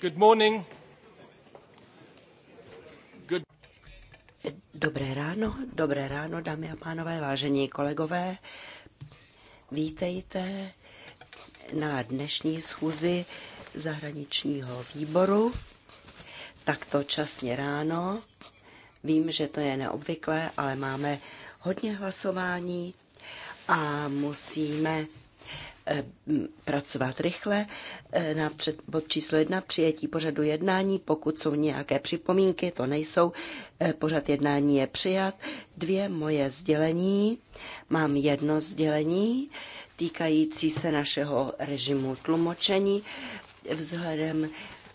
Good morning. Good... Dobré ráno, dobré ráno, dámy a pánové, vážení kolegové. Vítejte na dnešní schůzi zahraničního výboru. Takto časně ráno. Vím, že to je neobvyklé, ale máme hodně hlasování a musíme Eh, pracovat rychle eh, na před, bod číslo jedna přijetí pořadu jednání. Pokud jsou nějaké připomínky, to nejsou, eh, pořad jednání je přijat. Dvě moje sdělení. Mám jedno sdělení týkající se našeho režimu tlumočení vzhledem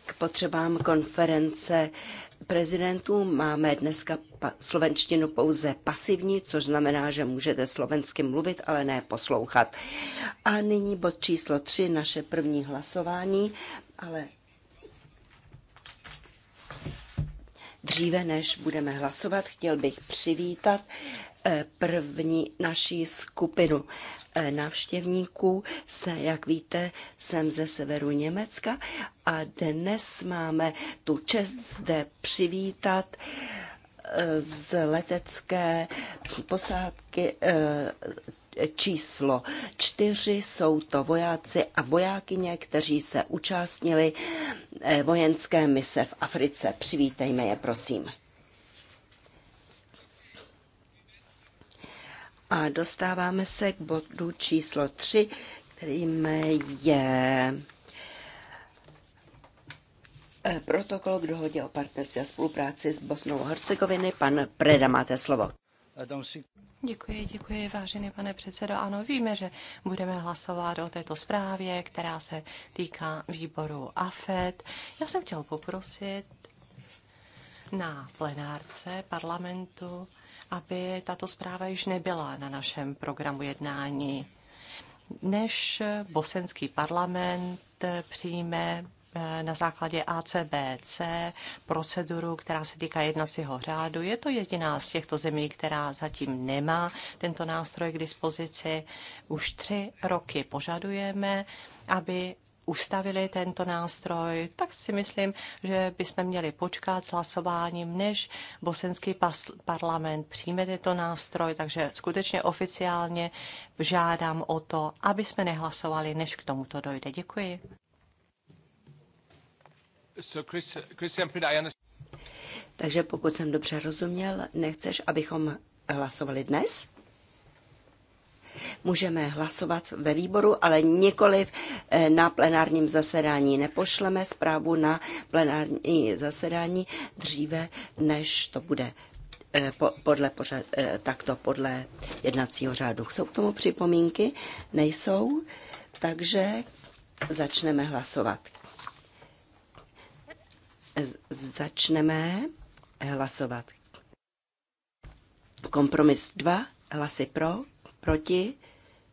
k potřebám konference prezidentů. Máme dneska slovenštinu pouze pasivní, což znamená, že můžete slovensky mluvit, ale ne poslouchat. A nyní bod číslo tři naše první hlasování, ale dříve než budeme hlasovat, chtěl bych přivítat Eh, první naší skupinu eh, návštěvníků. Se, jak víte, jsem ze severu Německa a dnes máme tu čest zde přivítat eh, z letecké posádky číslo čtyři. Jsou to vojáci a vojákyně, kteří se účastnili vojenské mise v Africe. Přivítejme je, prosím. A dostáváme se k bodu číslo 3, kterým je eh, protokol k dohodě o partnerství a spolupráci s Bosnou a Hercegoviny. Pan Preda, máte slovo. Děkuji, děkuji, vážený pane předsedo. Ano, víme, že budeme hlasovat o této zprávě, která se týká výboru AFED. Já jsem chtěl poprosit na plenárce parlamentu, aby tato zpráva již nebyla na našem programu jednání. Než bosenský parlament přijme eh, na základě ACBC proceduru, která se týká jednacího řádu. Je to jediná z těchto zemí, která zatím nemá tento nástroj k dispozici. Už tři roky požadujeme, aby ustavili tento nástroj, tak si myslím, že bychom měli počkat s hlasováním, než bosenský parlament přijme tento nástroj, takže skutečně oficiálně žádám o to, aby jsme nehlasovali, než k tomuto dojde. Děkuji. So Chris, Chris, Takže pokud jsem dobře rozuměl, nechceš, abychom hlasovali dnes? Můžeme hlasovat ve výboru, ale nikoliv eh, na plenárním zasedání. Nepošleme zprávu na plenární zasedání dříve, než to bude eh, podle pořad, eh, takto podle jednacího řádu. Jsou k tomu připomínky? Nejsou, takže začneme hlasovat. Začneme hlasovat. Kompromis 2, hlasy pro, proti,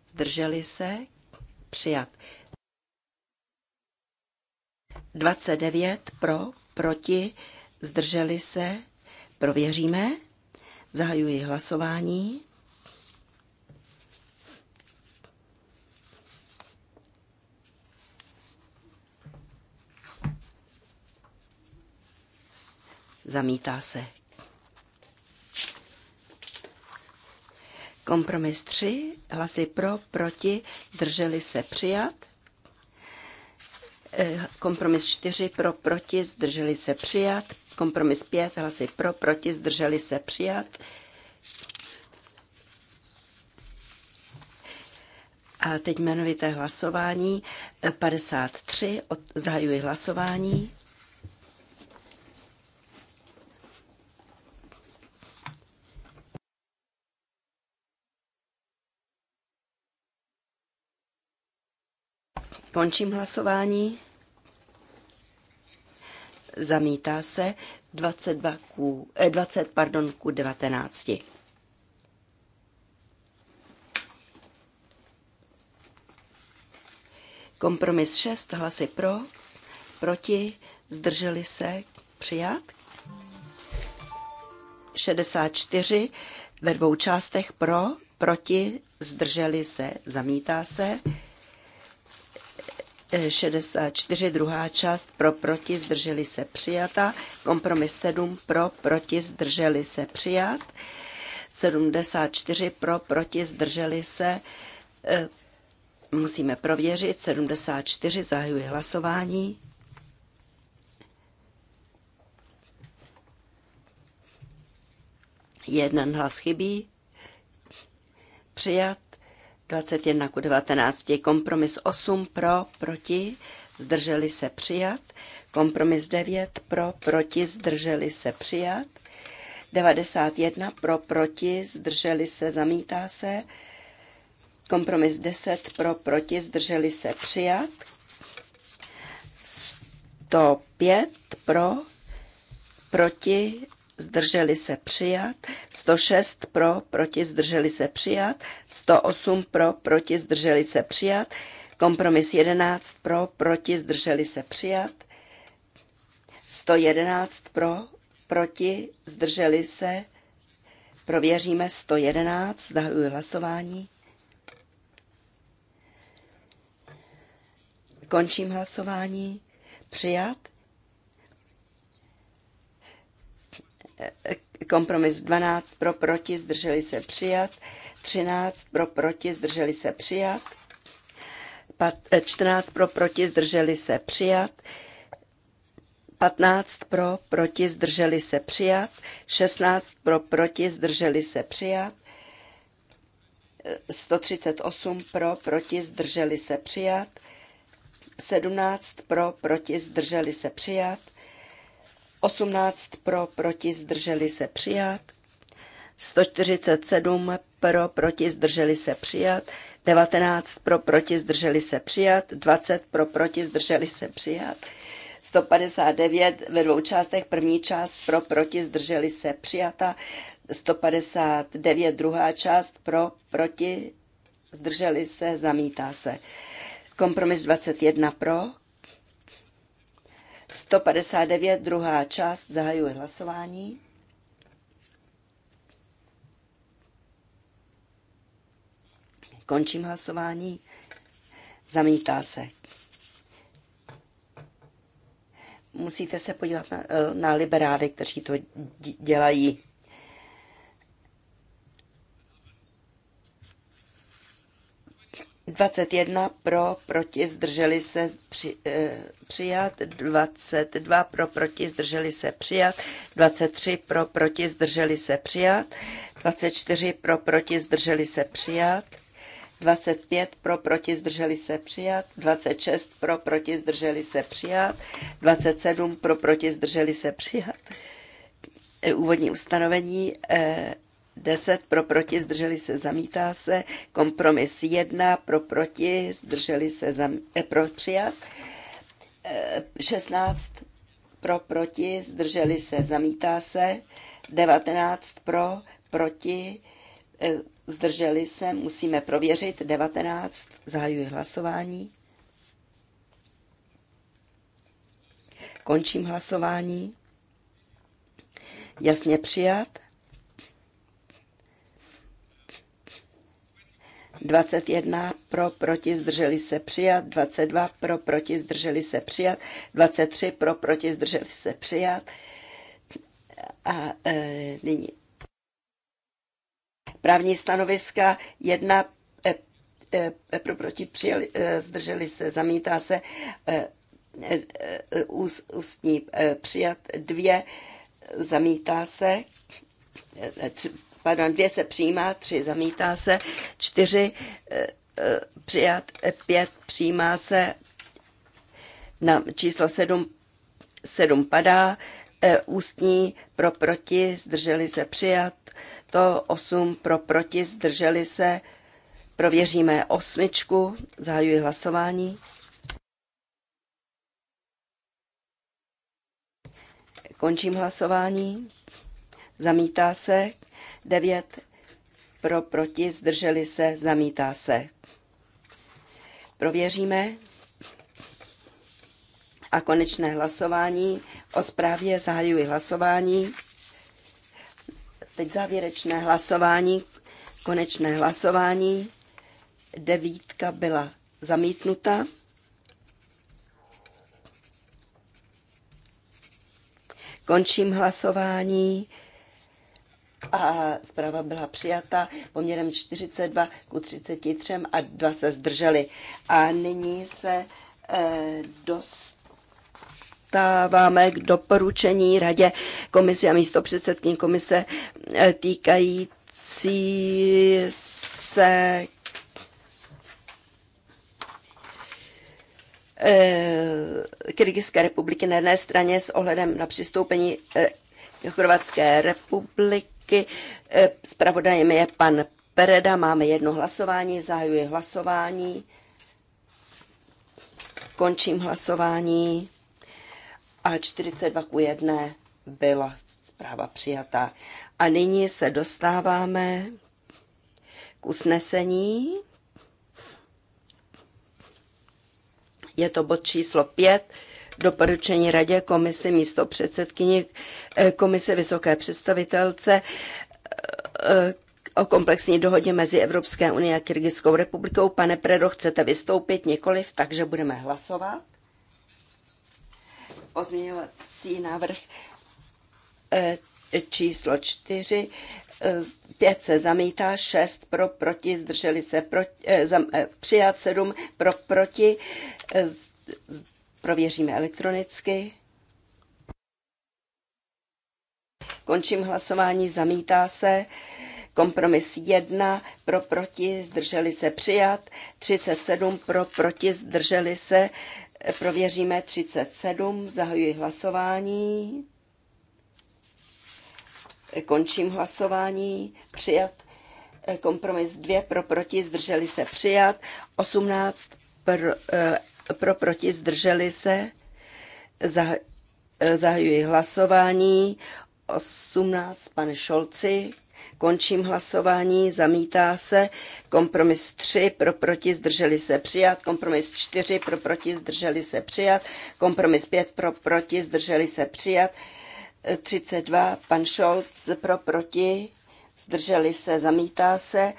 zdrželi se, přijat. 29 pro, proti, zdrželi se, prověříme. Zahajuji hlasování. Zamítá se. Kompromis 3, hlasy pro, proti, zdrželi se přijat. Eh, kompromis 4 pro, proti, zdrželi se přijat. Kompromis 5, hlasy pro, proti, zdrželi se přijat. A teď jmenovité hlasování 53, eh, zahajuji hlasování. Končím hlasování. Zamítá se 22 eh, 20 pardon, ku 19. Kompromis 6 hlasy pro, proti, zdrželi se, přijat. 64 ve dvou částech pro, proti, zdrželi se, zamítá se. 64, druhá část pro, proti, zdrželi se přijata. Kompromis 7 pro, proti, zdrželi se přijat. 74 pro, proti, zdrželi se. E, musíme prověřit. 74 zahajuji hlasování. Jeden hlas chybí. Přijat. 21 k 19. Kompromis 8 pro, proti, zdrželi se přijat. Kompromis 9 pro, proti, zdrželi se přijat. 91 pro, proti, zdrželi se, zamítá se. Kompromis 10 pro, proti, zdrželi se přijat. 105 pro, proti, zdrželi se přijat, 106 pro, proti, zdrželi se přijat, 108 pro, proti, zdrželi se přijat, kompromis 11 pro, proti, zdrželi se přijat, 111 pro, proti, zdrželi se, prověříme 111, zahajuji hlasování. Končím hlasování. Přijat. kompromis 12 pro proti, zdrželi se přijat, 13 pro proti, zdrželi se přijat, 14 eh, pro proti, zdrželi se přijat, 15 pro proti, zdrželi se přijat, 16 pro proti, zdrželi se přijat, 138 pro proti, zdrželi se přijat, 17 pro proti, zdrželi se přijat, 18 pro, proti, zdrželi se přijat. 147 pro, proti, zdrželi se přijat. 19 pro, proti, zdrželi se přijat. 20 pro, proti, zdrželi se přijat. 159 ve dvou částech. První část pro, proti, zdrželi se přijata. 159 druhá část pro, proti, zdrželi se, zamítá se. Kompromis 21 pro, 159, druhá část, zahajuje hlasování. Končím hlasování. Zamítá se. Musíte se podívat na, eh, na liberády, kteří to dělají. 21 pro, proti, zdrželi se při, eh, přijat, 22 pro, proti, zdrželi se přijat, 23 pro, proti, zdrželi se přijat, 24 pro, proti, zdrželi se přijat, 25 pro, proti, zdrželi se přijat, 26 pro, proti, zdrželi se přijat, 27 pro, proti, zdrželi se přijat. Eh, úvodní ustanovení eh, 10 pro proti, zdrželi se, zamítá se. Kompromis 1 pro proti, zdrželi se, zam, e, pro přijat. E, eh, 16 pro proti, zdrželi se, zamítá se. 19 pro proti, e, zdrželi se, musíme prověřit. 19, zahajuji hlasování. Končím hlasování. Jasně přijat. 21 pro, proti, zdrželi se přijat, 22 pro, proti, zdrželi se přijat, 23 pro, proti, zdrželi se přijat. A e, nyní právní stanoviska 1 e, e, e, pro, proti, přijeli, e, zdrželi se, zamítá se, e, e, e ús, ústní e, přijat, 2 zamítá se, e, pardon, dvě se přijímá, tři zamítá se, čtyři eh, eh, přijat, eh, pět přijímá se, na číslo sedm, sedm padá, ústní pro proti, zdrželi se přijat, to osm pro proti, zdrželi se, prověříme osmičku, zahajuji hlasování. Končím hlasování. Zamítá se. 9 pro, proti, zdrželi se, zamítá se. Prověříme a konečné hlasování. O zprávě zahajuji hlasování. Teď závěrečné hlasování, konečné hlasování. Devítka byla zamítnuta. Končím hlasování a zpráva byla přijata poměrem 42 ku 33 a dva se zdrželi. A nyní se eh, dostáváme k doporučení radě komise a místo předsedkyní komise eh, týkající se eh, Kyrgyzské republiky na jedné straně s ohledem na přistoupení Chorvatské republiky prvky. Spravodajem eh, je pan Pereda, máme jedno hlasování, zahajuji hlasování, končím hlasování a 42 k 1 byla zpráva přijatá. A nyní se dostáváme k usnesení. Je to bod číslo 5 doporučení radě komisi místo předsedkyni eh, komise vysoké představitelce eh, eh, o komplexní dohodě mezi Evropské unií a Kyrgyzskou republikou. Pane Predo, chcete vystoupit nikoliv, takže budeme hlasovat. Pozměňovací návrh číslo čtyři. Pět se zamítá, šest pro, proti, zdrželi se proti, přijat, sedm pro, proti, Prověříme elektronicky. Končím hlasování, zamítá se. Kompromis 1 pro proti, zdrželi se přijat. 37 pro proti, zdrželi se. Prověříme 37, zahajuji hlasování. Končím hlasování, přijat. Kompromis 2 pro proti, zdrželi se přijat. 18 pro, eh, pro, proti, zdrželi se, Zah, eh, zahajuji hlasování, 18, pane Šolci, končím hlasování, zamítá se, kompromis 3, pro, proti, zdrželi se, přijat, kompromis 4, pro, proti, zdrželi se, přijat, kompromis 5, pro, proti, zdrželi se, přijat, 32, eh, pan Šolc, pro, proti, zdrželi se, zamítá se,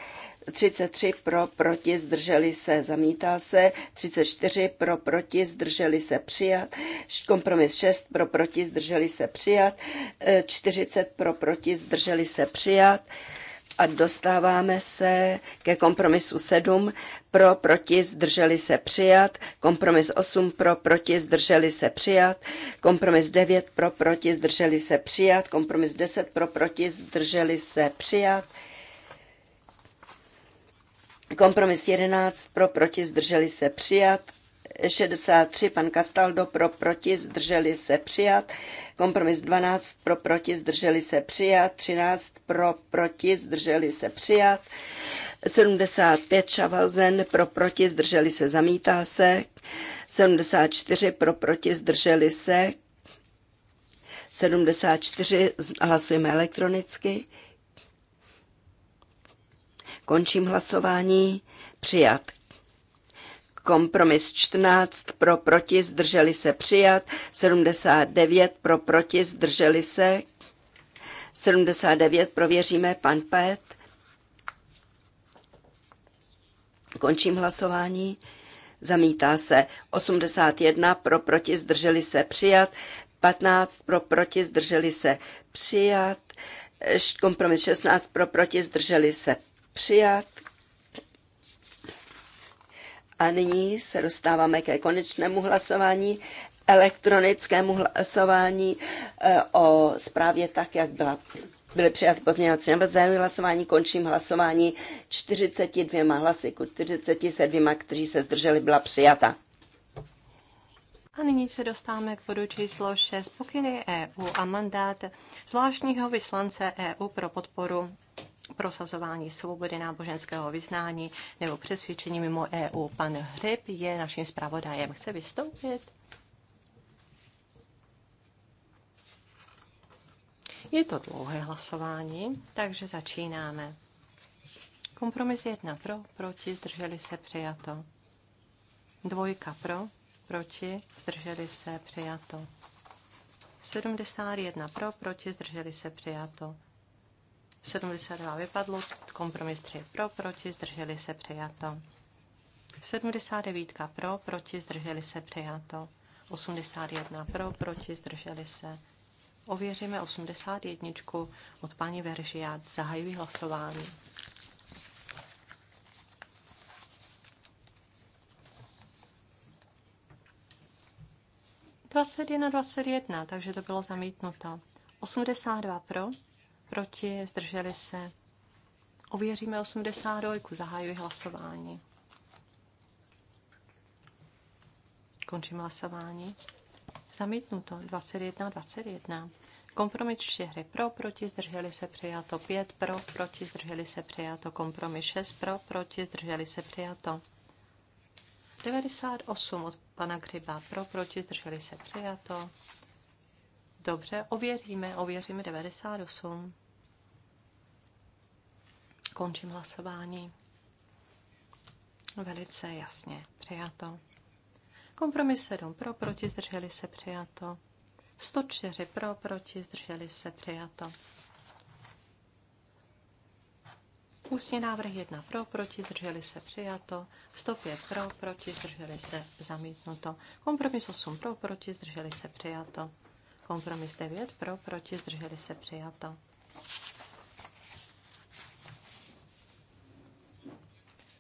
33 pro, proti, zdrželi se, zamítá se. 34 pro, proti, zdrželi se, přijat. Kompromis 6 pro, proti, zdrželi se, přijat. 40 e, pro, proti, zdrželi se, přijat. A dostáváme se ke kompromisu 7. Pro, proti, zdrželi se, přijat. Kompromis 8 pro, proti, zdrželi se, přijat. Kompromis 9 pro, proti, zdrželi se, přijat. Kompromis 10 pro, proti, zdrželi se, přijat. Kompromis 11 pro, proti, zdrželi se přijat. 63 pan Castaldo pro, proti, zdrželi se přijat. Kompromis 12 pro, proti, zdrželi se přijat. 13 pro, proti, zdrželi se přijat. 75 Schaffhausen pro, proti, zdrželi se, zamítá se. 74 pro, proti, zdrželi se. 74 hlasujeme elektronicky. Končím hlasování. Přijat. Kompromis 14 pro proti zdrželi se přijat, 79 pro proti zdrželi se, 79 prověříme pan Pet. Končím hlasování. Zamítá se 81 pro proti zdrželi se přijat, 15 pro proti zdrželi se přijat, kompromis 16 pro proti zdrželi se Přijat. A nyní se dostáváme ke konečnému hlasování, elektronickému hlasování eh, o zprávě tak, jak byla byly přijaty pozměňovací návrhy, zahajuji hlasování, končím hlasování 42 hlasy ku 47, kteří se zdrželi, byla přijata. A nyní se dostáváme k bodu číslo 6, pokyny EU a mandát zvláštního vyslance EU pro podporu prosazování svobody náboženského vyznání nebo přesvědčení mimo EU. Pan Hryb je naším zpravodajem. Chce vystoupit? Je to dlouhé hlasování, takže začínáme. Kompromis jedna pro, proti, zdrželi se, přijato. Dvojka pro, proti, zdrželi se, přijato. 71 pro, proti, zdrželi se, přijato. 72 vypadlo, kompromis 3 pro, proti, zdrželi se přijato. 79 pro, proti, zdrželi se přijato. 81 pro, proti, zdrželi se. Ověříme 81 od paní Veržiat. Zahajují hlasování. Dvacet na 21, takže to bylo zamítnuto. 82 pro, proti, zdrželi se. Ověříme 82, zahajuji hlasování. Končím hlasování. Zamítnuto 21, 21. Kompromis 4 pro, proti, zdrželi se přijato 5 pro, proti, zdrželi se přijato. Kompromis 6 pro, proti, zdrželi se přijato. 98 od pana Kryba pro, proti, zdrželi se přijato. Dobře, ověříme, ověříme 98. Končím hlasování. Velice jasně přijato. Kompromis 7 pro, proti, zdrželi se přijato. 104 pro, proti, zdrželi se přijato. Ústní návrh 1 pro, proti, zdrželi se přijato. 105 pro, proti, zdrželi se zamítnuto. Kompromis 8 pro, proti, zdrželi se přijato. Kompromis 9 pro, proti, zdrželi se přijato.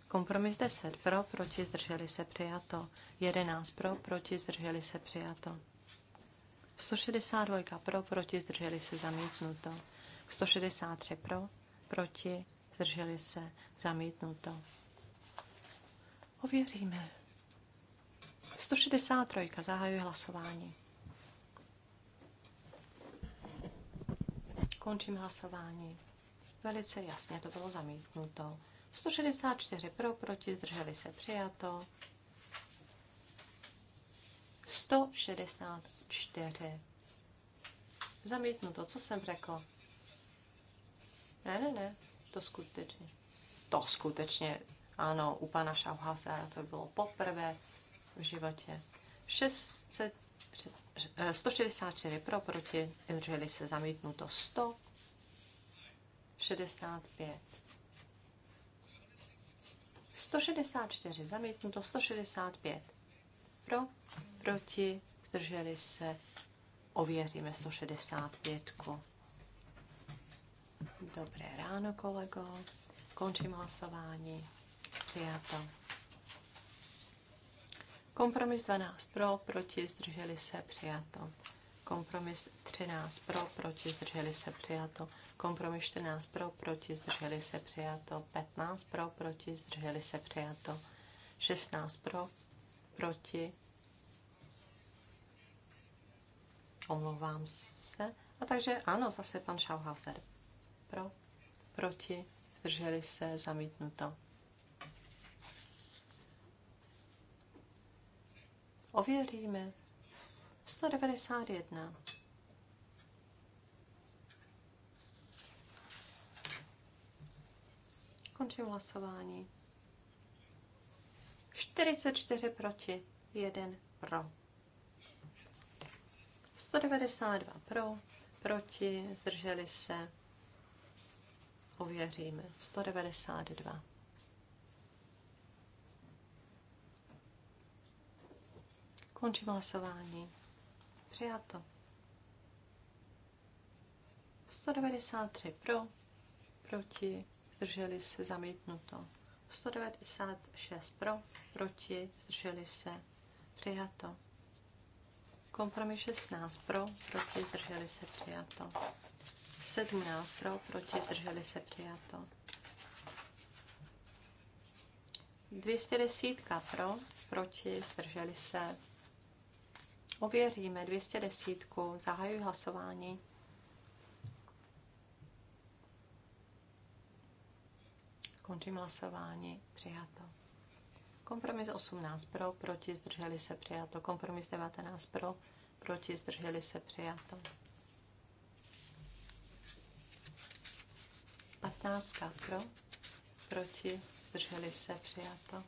Kompromis 10 pro, proti, zdrželi se přijato. 11 pro, proti, zdrželi se přijato. 162 pro, proti, zdrželi se zamítnuto. 163 pro, proti, zdrželi se zamítnuto. Ověříme. 163. Zahajuji hlasování. Končím hlasování. Velice jasně to bylo zamítnuto. 164 pro, proti, zdrželi se přijato. 164. Zamítnuto, co jsem řekl? Ne, ne, ne, to skutečně. To skutečně, ano, u pana Schaffhausera to bylo poprvé v životě. 600 164 pro, proti, zdrželi se zamítnuto 65 164 zamítnuto, 165 pro, proti, zdrželi se, ověříme 165. -ku. Dobré ráno, kolego. Končím hlasování. Přijatelé. Kompromis 12 pro, proti, zdrželi se, přijato. Kompromis 13 pro, proti, zdrželi se, přijato. Kompromis 14 pro, proti, zdrželi se, přijato. 15 pro, proti, zdrželi se, přijato. 16 pro, proti. Omlouvám se. A takže ano, zase pan Schauhauser. Pro, proti, zdrželi se, zamítnuto. Ověříme. 191. Končím hlasování. 44 proti, 1 pro. 192 pro, proti, zdrželi se. Ověříme. 192. Končím hlasování. Přijato. 193 pro, proti, zdrželi se, zamítnuto. 196 pro, proti, zdrželi se, přijato. Kompromis 16 pro, proti, zdrželi se, přijato. 17 pro, proti, zdrželi se, přijato. 210 pro, proti, zdrželi se, Ověříme 210. Zahajuji hlasování. Končím hlasování. Přijato. Kompromis 18 pro, proti zdrželi se přijato. Kompromis 19 pro, proti zdrželi se přijato. 15 pro, proti zdrželi se přijato.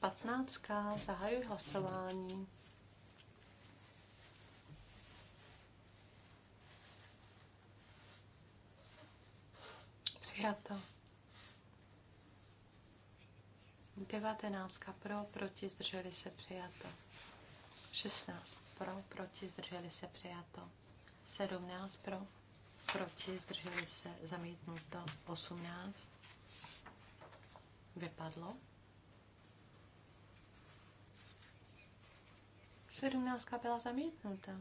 15. Zahajuji hlasování. Přijato. 19. Pro, proti, zdrželi se, přijato. 16. Pro, proti, zdrželi se, přijato. 17. Pro, proti, zdrželi se, zamítnuto. 18. Vypadlo. 17 byla zamítnuta.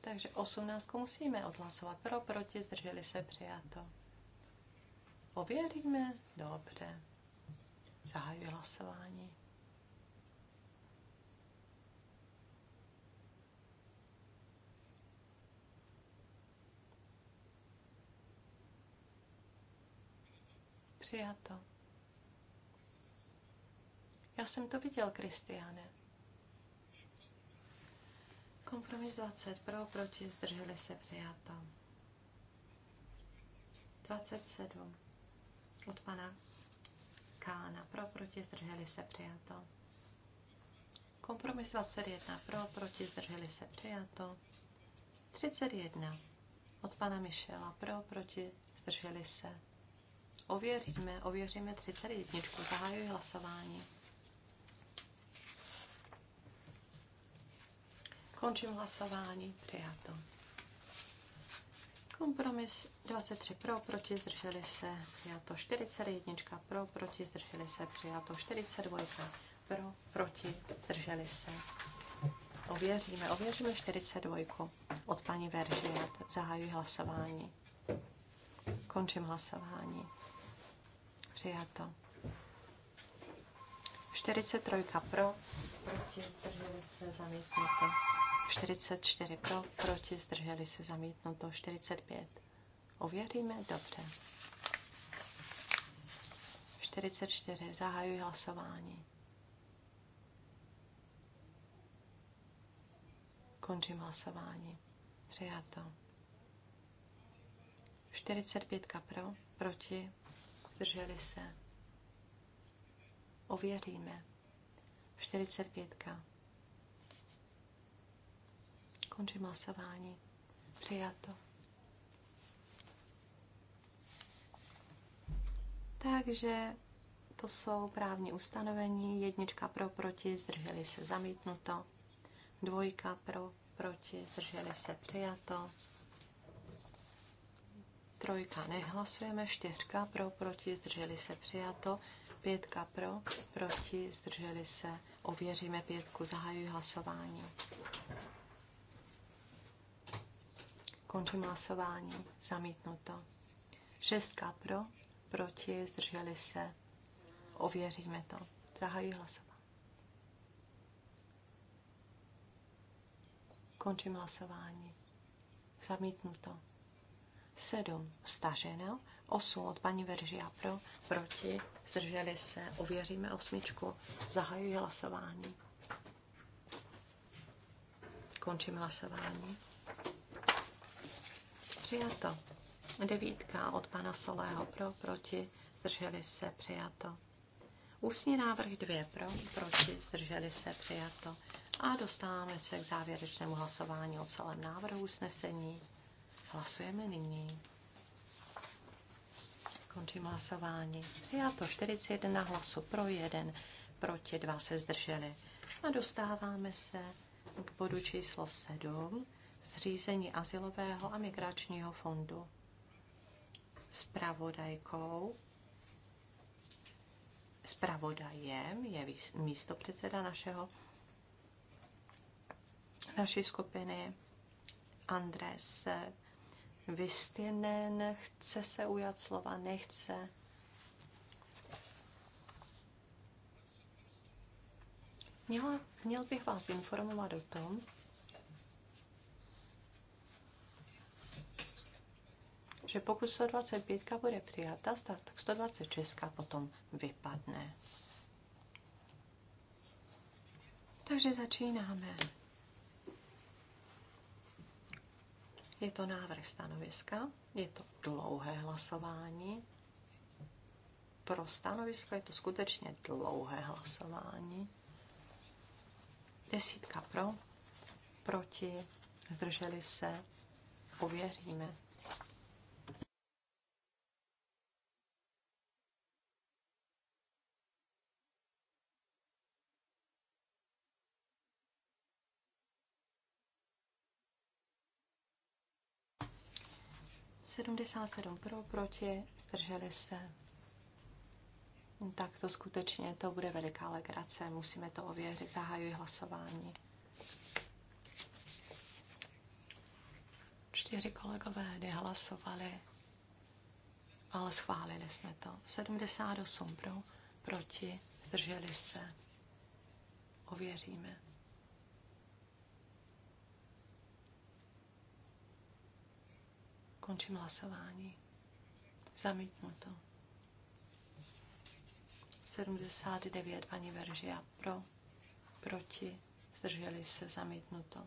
Takže 18 musíme odhlasovat pro, proti, zdrželi se, přijato. Ověříme? Dobře. Zahajuji hlasování. Přijato. Já jsem to viděl, Kristiane. Kompromis 20 pro, proti, zdrželi se, přijata. 27 od pana Kána pro, proti, zdrželi se, přijato. Kompromis 21 pro, proti, zdrželi se, přijato. 31 od pana Michela pro, proti, zdrželi se. Ověříme, ověříme 31. Zahajuji hlasování. Končím hlasování. Přijato. Kompromis 23 pro, proti, zdrželi se, přijato 41 pro, proti, zdrželi se, přijato 42 pro, proti, zdrželi se. Ověříme, ověříme 42 od paní Veržiat. Zahajuji hlasování. Končím hlasování. Přijato. 43 pro, proti, zdrželi se, zamítnuto. 44 pro, proti, zdrželi se zamítnuto 45. Ověříme? Dobře. 44. Zahajuji hlasování. Končím hlasování. Přijato. 45 pro, proti, zdrželi se. Ověříme. 45. Končí hlasování. Přijato. Takže to jsou právní ustanovení. Jednička pro, proti, zdrželi se zamítnuto. Dvojka pro, proti, zdrželi se přijato. Trojka nehlasujeme, čtyřka pro, proti, zdrželi se přijato. Pětka pro, proti, zdrželi se. Ověříme pětku, zahajuji hlasování. Končím hlasování. Zamítnuto. Šestka pro, proti, zdrželi se. Ověříme to. Zahajuji hlasování. Končím hlasování. Zamítnuto. Sedm Staženo. Osm Od paní Veržia pro, proti, zdrželi se. Ověříme osmičku. Zahajuji hlasování. Končím hlasování přijato. Devítka od pana Solého pro, proti, zdrželi se, přijato. Ústní návrh dvě pro, proti, zdrželi se, přijato. A dostáváme se k závěrečnému hlasování o celém návrhu usnesení. Hlasujeme nyní. Končím hlasování. Přijato 41 hlasů pro jeden, proti dva se zdrželi. A dostáváme se k bodu číslo 7 zřízení asilového a migračního fondu. Spravodajkou Spravodajem je místo předseda našeho naší skupiny Andres Vistinen. Chce se ujat slova, nechce. Měla, měl bych vás informovat o tom, že pokud 125 bude přijata, tak 126 potom vypadne. Takže začínáme. Je to návrh stanoviska, je to dlouhé hlasování. Pro stanovisko je to skutečně dlouhé hlasování. Desítka pro, proti, zdrželi se, pověříme. 77 pro, proti, zdrželi se. Tak to skutečně, to bude veliká legrace, musíme to ověřit, zahajuji hlasování. Čtyři kolegové nehlasovali, ale schválili jsme to. 78 pro, proti, zdrželi se. Ověříme. Končím hlasování. Zamítnuto. 79 paní Veržia pro, proti, zdrželi se zamítnuto.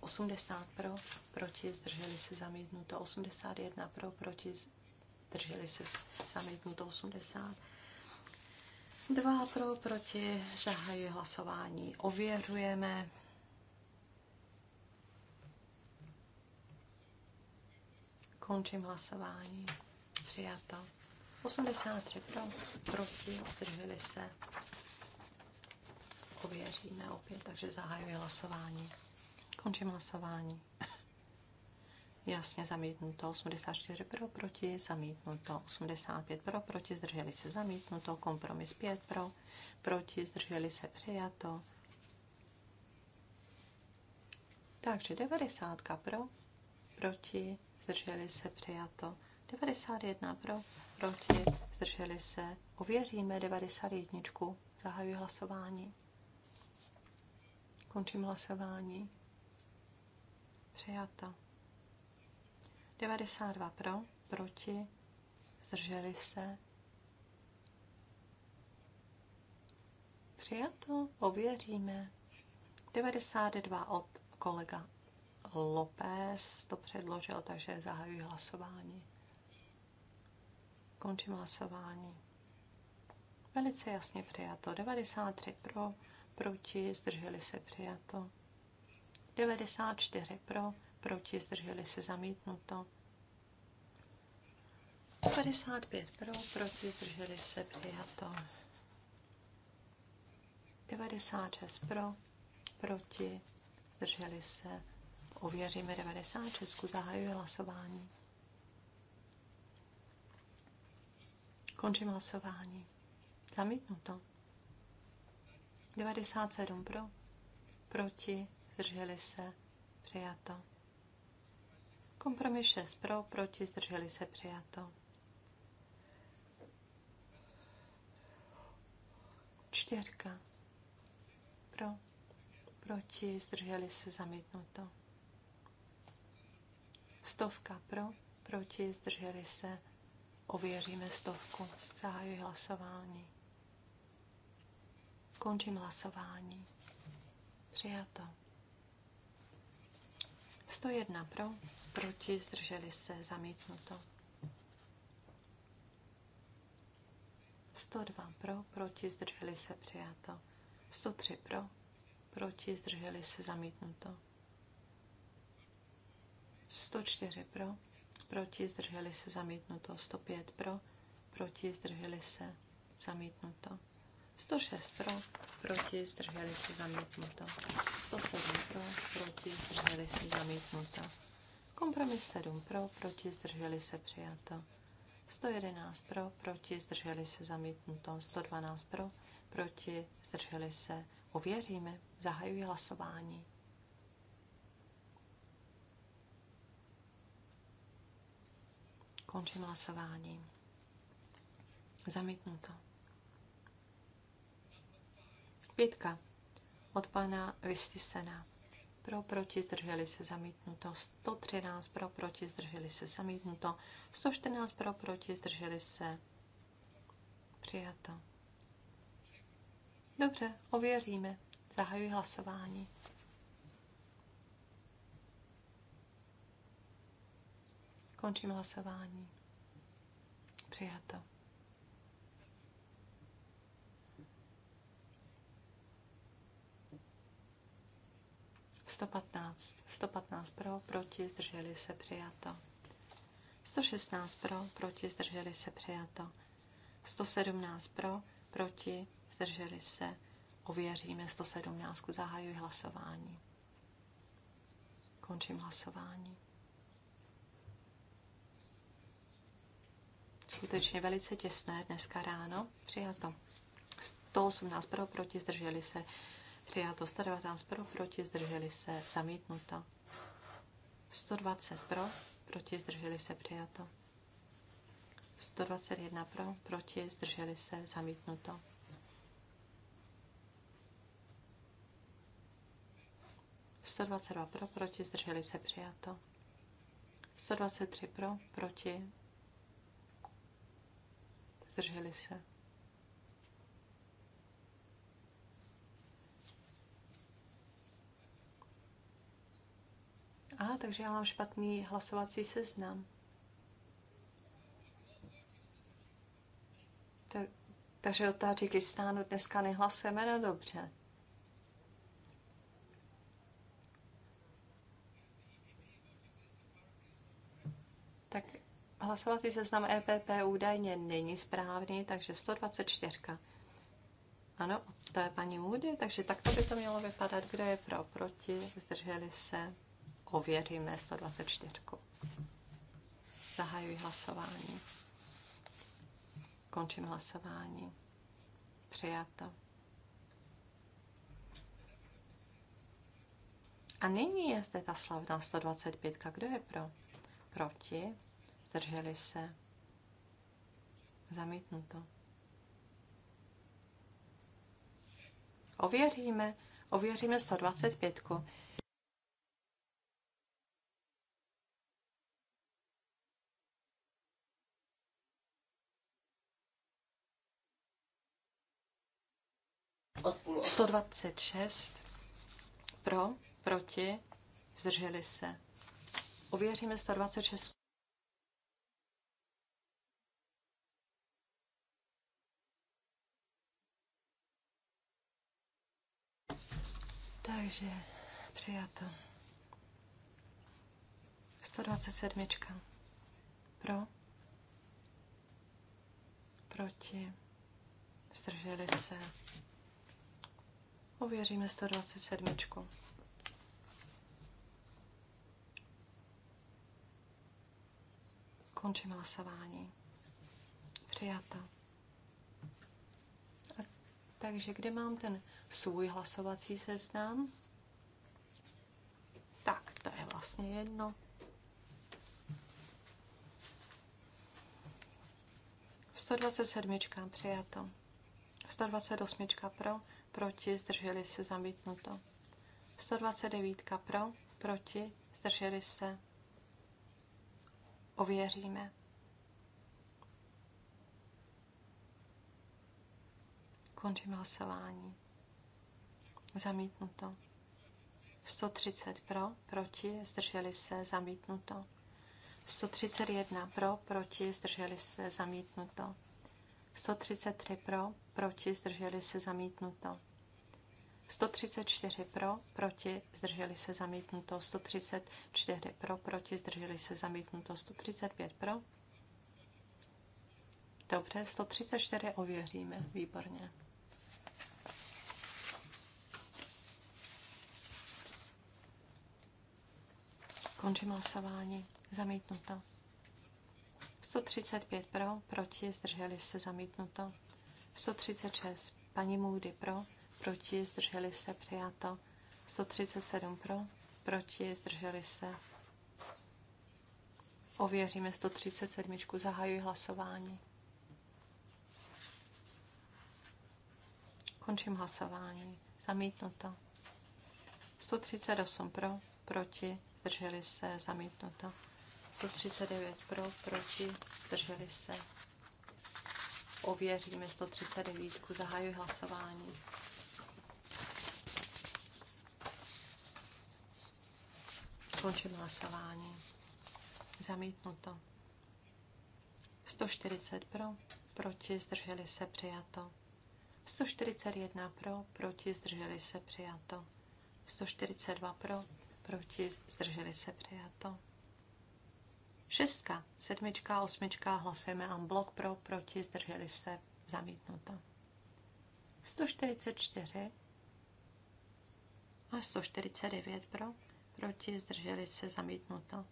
80 pro, proti, zdrželi se zamítnuto. 81 pro, proti, zdrželi se zamítnuto. 80 pro, proti, zahajuji hlasování. Ověřujeme Končím hlasování. Přijato. 83 pro, proti, zdrželi se. Ověříme opět, takže zahajuji hlasování. Končím hlasování. Jasně zamítnuto. 84 pro, proti, zamítnuto. 85 pro, proti, zdrželi se zamítnuto. Kompromis 5 pro, proti, zdrželi se přijato. Takže 90 pro, proti, zdrželi se přijato. 91 pro, proti, zdrželi se. Ověříme 91. Zahajuji hlasování. Končím hlasování. Přijato. 92 pro, proti, zdrželi se. Přijato, ověříme. 92 od kolega López to předložil, takže zahajuji hlasování. Končím hlasování. Velice jasně přijato. 93 pro, proti, zdrželi se přijato. 94 pro, proti, zdrželi se zamítnuto. 95 pro, proti, zdrželi se přijato. 96 pro, proti, zdrželi se Ověříme 96. Zahajuji hlasování. Končím hlasování. Zamítnuto. 97 pro, proti, zdrželi se, přijato. Kompromis 6 pro, proti, zdrželi se, přijato. 4 pro, proti, zdrželi se, zamítnuto. Stovka pro, proti, zdrželi se. Ověříme stovku. Zahajuji hlasování. Končím hlasování. Přijato. 101 pro, proti, zdrželi se, zamítnuto. 102 pro, proti, zdrželi se, přijato. 103 pro, proti, zdrželi se, zamítnuto. 104 pro, proti zdrželi se zamítnuto, 105 pro, proti zdrželi se zamítnuto, 106 pro, proti zdrželi se zamítnuto, 107 pro, proti zdrželi se zamítnuto, kompromis 7 pro, proti zdrželi se přijato, 111 pro, proti zdrželi se zamítnuto, 112 pro, proti zdrželi se ověříme, zahajuji hlasování. Končím hlasování. Zamítnuto. Pětka. Od pana Vystisena. Pro, proti, zdrželi se zamítnuto. 113 pro, proti, zdrželi se zamítnuto. 114 pro, proti, zdrželi se přijato. Dobře, ověříme. Zahajuji hlasování. Končím hlasování. Přijato. Sto patnáct. Sto patnáct pro, proti, zdrželi se, přijato. 116 pro, proti, zdrželi se, přijato. 117 pro, proti, zdrželi se, ověříme 117, zahajuji hlasování. Končím hlasování. skutečně velice těsné dneska ráno. Přijato 118 pro, proti, zdrželi se. Přijato 119 pro, proti, zdrželi se. Zamítnuto. 120 pro, proti, zdrželi se. Přijato. 121 pro, proti, zdrželi se. Zamítnuto. Sto dvacet dva pro, proti, zdrželi se přijato. 123 pro, proti, zdrželi se. A, takže já mám špatný hlasovací seznam. Tak, takže od Tadžikistánu dneska nehlasujeme, no dobře. Hlasovací seznam EPP údajně není správný, takže 124. Ano, to je paní Moody, takže takto by to mělo vypadat. Kdo je pro, proti, zdrželi se, ověříme 124. Zahajuji hlasování. Končím hlasování. Přijato. A nyní je zde ta slavná 125. Kdo je pro? Proti? zdrželi se, zamítnuto. Ověříme, ověříme 125. Odpůl. 126 pro, proti, zdrželi se. Ověříme 126. Takže přijato. 127. Pro. Proti. Zdrželi se. Uvěříme 127. Končím hlasování. Přijato. A, takže kde mám ten svůj hlasovací seznam. Tak, to je vlastně jedno. V 127. přijato. 128. pro, proti, zdrželi se zamítnuto. 129. pro, proti, zdrželi se. Ověříme. Končíme hlasování. Zamítnuto. 130 pro, proti, zdrželi se, zamítnuto. 131 pro, proti, zdrželi se, zamítnuto. 133 pro, proti, zdrželi se, zamítnuto. 134 pro, proti, zdrželi se, zamítnuto. 134 pro, proti, zdrželi se, zamítnuto. 135 pro. Dobře, 134 ověříme. Výborně. Končím hlasování. Zamítnuto. 135 pro, proti, zdrželi se, zamítnuto. 136. Paní Můdy pro, proti, zdrželi se, přijato. 137 pro, proti, zdrželi se. Ověříme 137. Zahajuji hlasování. Končím hlasování. Zamítnuto. 138 pro, proti, zdrželi se, zamítnuto. 139 pro, proti, zdrželi se. Ověříme 139, zahajuji hlasování. Končím hlasování. Zamítnuto. 140 pro, proti, zdrželi se, přijato. 141 pro, proti, zdrželi se, přijato. 142 pro, proti, zdrželi se přijato. Šestka, sedmička, osmička, hlasujeme unblock pro, proti, zdrželi se, zamítnuto. 144 a 149 pro, proti, zdrželi se, zamítnuto.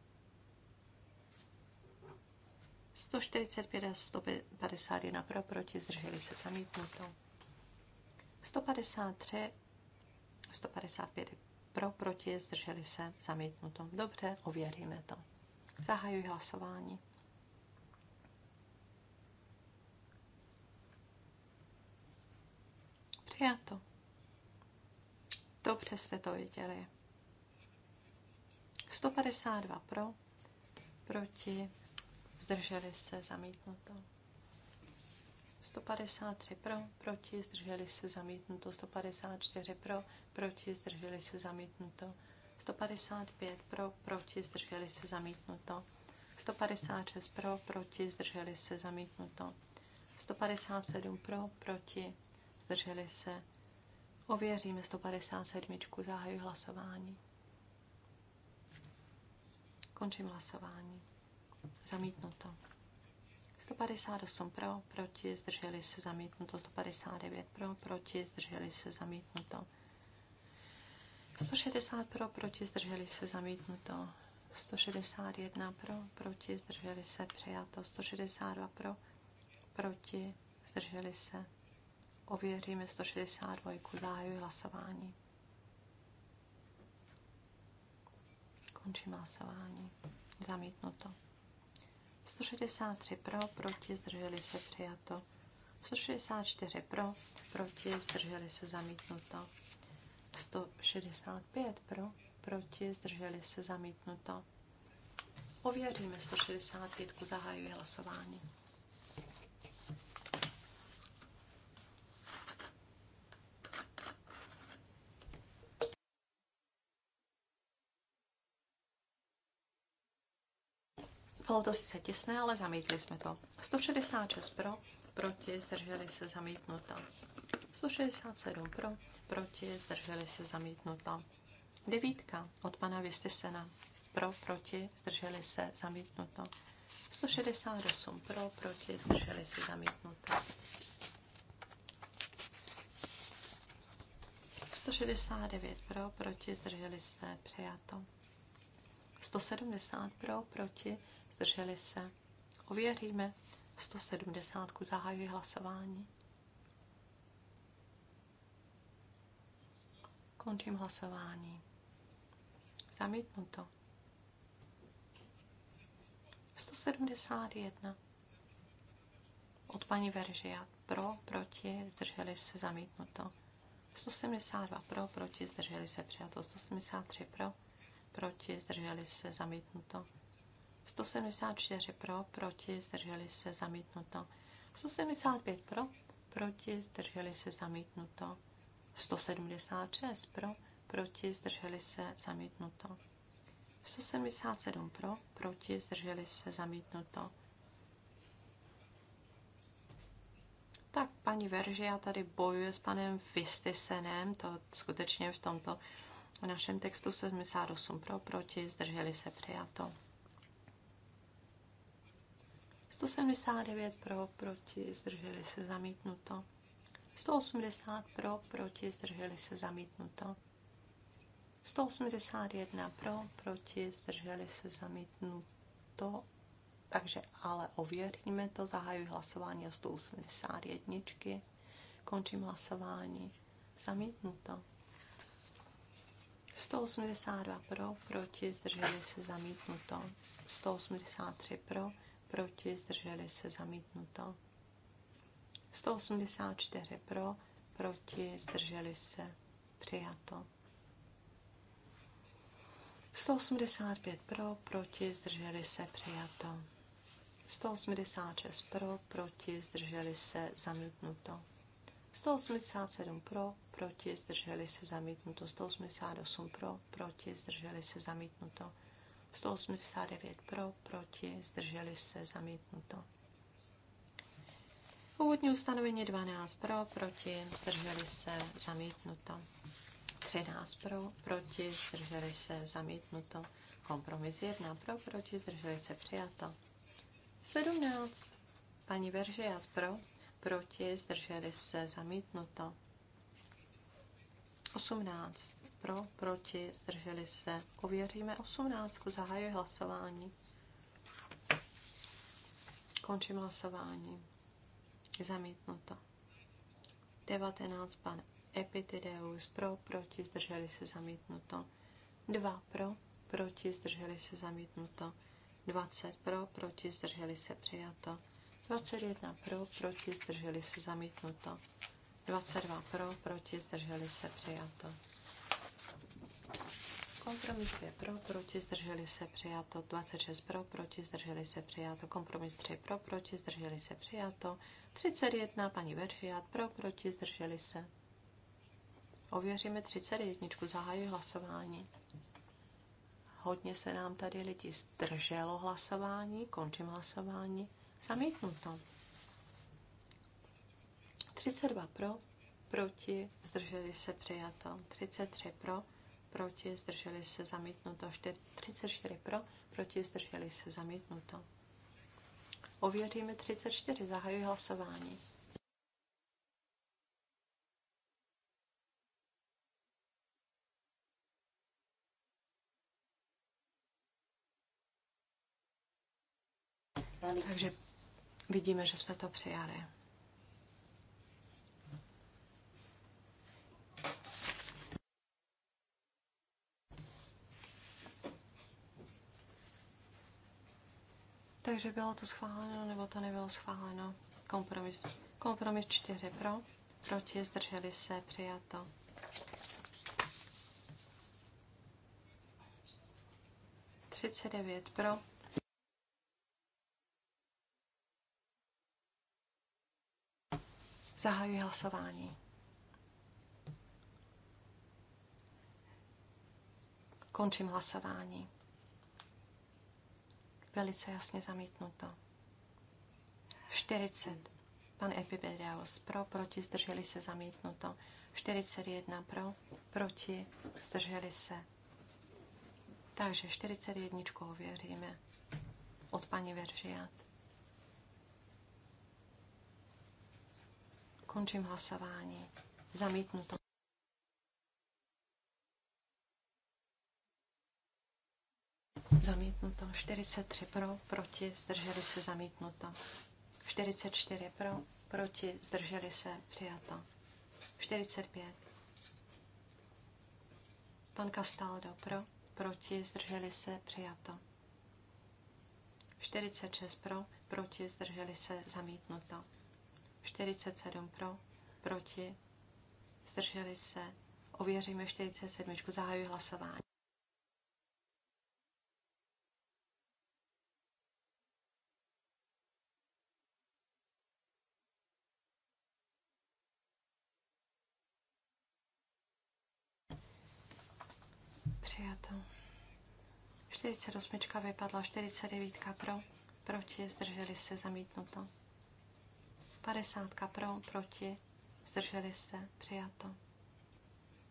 145 a 151 pro, proti, zdrželi se, zamítnuto. 153, 155 pro, proti, zdrželi se, zamítnuto. Dobře, ověříme to. Zahajuji hlasování. Přijato. Dobře jste to viděli. 152 pro, proti, zdrželi se, zamítnuto. 153 pro, proti, zdrželi se zamítnuto. 154 pro, proti, zdrželi se zamítnuto. 155 pro, proti, zdrželi se zamítnuto. 156 pro, proti, zdrželi se zamítnuto. 157 pro, proti, zdrželi se. Ověříme 157. Zahajuji hlasování. Končím hlasování. Zamítnuto. 158 pro, proti, zdrželi se zamítnuto. 159 pro, proti, zdrželi se zamítnuto. 160 pro, proti, zdrželi se zamítnuto. 161 pro, proti, zdrželi se přijato. 162 pro, proti, zdrželi se. Ověříme 162, zahajuji hlasování. Končím hlasování. Zamítnuto. 163 pro, proti, zdrželi se přijato. 164 pro, proti, zdrželi se zamítnuto. 165 pro, proti, zdrželi se zamítnuto. Ověříme 165, zahajuji hlasování. Bylo to sice těsné, ale zamítli jsme to. 166 pro, proti, zdrželi se zamítnuta. 167 pro, proti, zdrželi se zamítnuta. Devítka od pana Vistesena. Pro, proti, zdrželi se zamítnuto. 168 pro, proti, zdrželi se zamítnuto. 169 pro, proti, zdrželi se přijato. 170 pro, proti, zdrželi se. Ověříme 170. Zahajuji hlasování. Končím hlasování. Zamítnu to. 171. Od paní Veržia. Pro, proti, zdrželi se, zamítnuto. 172 pro, proti, zdrželi se, přijato. 173 pro, proti, zdrželi se, zamítnuto. 174 pro, proti, zdrželi se, zamítnuto. 175 pro, proti, zdrželi se, zamítnuto. 176 pro, proti, zdrželi se, zamítnuto. 177 pro, proti, zdrželi se, zamítnuto. Tak paní Veržia tady bojuje s panem Fistisenem, to skutečně v tomto v našem textu 78 pro, proti, zdrželi se, přijato. 179 pro, proti, zdrželi se zamítnuto. 180 pro, proti, zdrželi se zamítnuto. 181 pro, proti, zdrželi se zamítnuto. Takže ale ověříme to, zahajuji hlasování o 181. Končím hlasování. Zamítnuto. 182 pro, proti, zdrželi se zamítnuto. 183 pro, proti, zdrželi se zamítnuto. 184 pro, proti, zdrželi se přijato. 185 pro, proti, zdrželi se přijato. 186 pro, proti, zdrželi se zamítnuto. 187 pro, proti, zdrželi se zamítnuto. 188 pro, proti, zdrželi se zamítnuto. 189 pro, proti, zdrželi se, zamítnuto. Původní ustanovení 12 pro, proti, zdrželi se, zamítnuto. 13 pro, proti, zdrželi se, zamítnuto. Kompromis 1 pro, proti, zdrželi se, přijato. 17. Paní Veržiat pro, proti, zdrželi se, zamítnuto. 18 pro, proti, zdrželi se. Ověříme 18. Zahajuji hlasování. Končím hlasování. Zamítnuto. 19. Pan Epitideus pro, proti, zdrželi se zamítnuto. 2 pro, proti, zdrželi se zamítnuto. 20 pro, proti, zdrželi se přijato. 21 pro, proti, zdrželi se zamítnuto. 22 pro, proti, zdrželi se přijato. Kompromis 2 pro, proti, zdrželi se přijato. 26 pro, proti, zdrželi se přijato. Kompromis 3 pro, proti, zdrželi se přijato. 31 paní Verfiat pro, proti, zdrželi se. Ověříme 31. Zahajuji hlasování. Hodně se nám tady lidi zdrželo hlasování. Končím hlasování. Zamítnuto. 32 pro, proti, zdrželi se přijato. 33 pro, proti, zdrželi se zamítnuto. 34 pro, proti, zdrželi se zamítnuto. Ověříme 34, zahajuji hlasování. Takže vidíme, že jsme to přijali. Takže bylo to schváleno nebo to nebylo schváleno. Kompromis. Kompromis čtyři pro, proti zdrželi se přijato. Třicet devět pro, Zahajuji hlasování. Končím hlasování. Velice jasně zamítnuto. 40. Pan Epibedeos pro, proti, zdrželi se zamítnuto. 41 pro, proti, zdrželi se. Takže 41 věříme od paní Veržiat. Končím hlasování. Zamítnuto. Zamítnuto. 43 pro, proti, zdrželi se zamítnuto. 44 pro, proti, zdrželi se přijato. 45. Pan Castaldo pro, proti, zdrželi se přijato. 46 pro, proti, zdrželi se zamítnuto. 47 pro, proti, zdrželi se. Ověříme 47. Zahajuji hlasování. 48 vypadla, 49 pro, proti, zdrželi se, zamítnuto. 50 pro, proti, zdrželi se, přijato.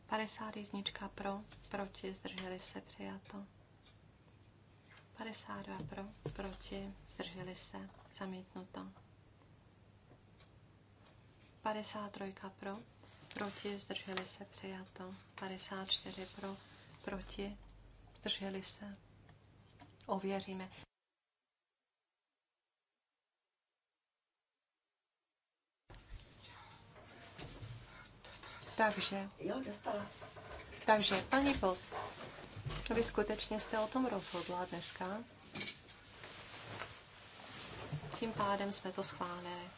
51 pro, proti, zdrželi se, přijato. 52 pro, proti, zdrželi se, zamítnuto. 53 pro, proti, zdrželi se, přijato. 54 pro, proti, zdrželi se, ověříme. Takže, jo, dostala. takže paní Post, vy skutečně jste o tom rozhodla dneska. Tím pádem jsme to schválili.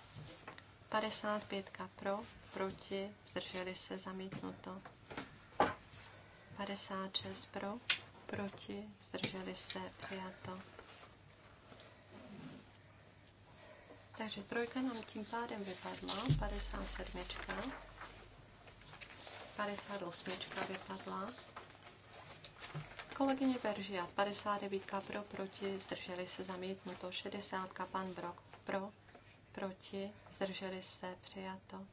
55 pro, proti, zdrželi se zamítnuto. 56 pro, proti, zdrželi se, přijato. Takže trojka nám tím pádem vypadla, 57. 58. vypadla. Kolegyně Beržia, 59. pro, proti, zdrželi se, zamítnuto. 60. pan Brok, pro, proti, zdrželi se, přijato.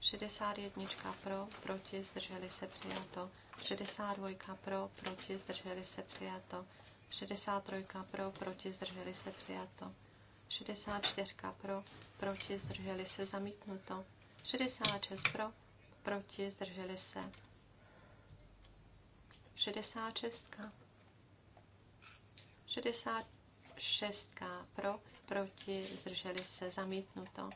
61. pro, proti, zdrželi se, přijato. 62 pro, proti, zdrželi se přijato. 63 pro, proti, zdrželi se přijato. 64 pro, proti, zdrželi se zamítnuto. 66 pro, proti, zdrželi se. 66. 66 pro, proti, zdrželi se zamítnuto.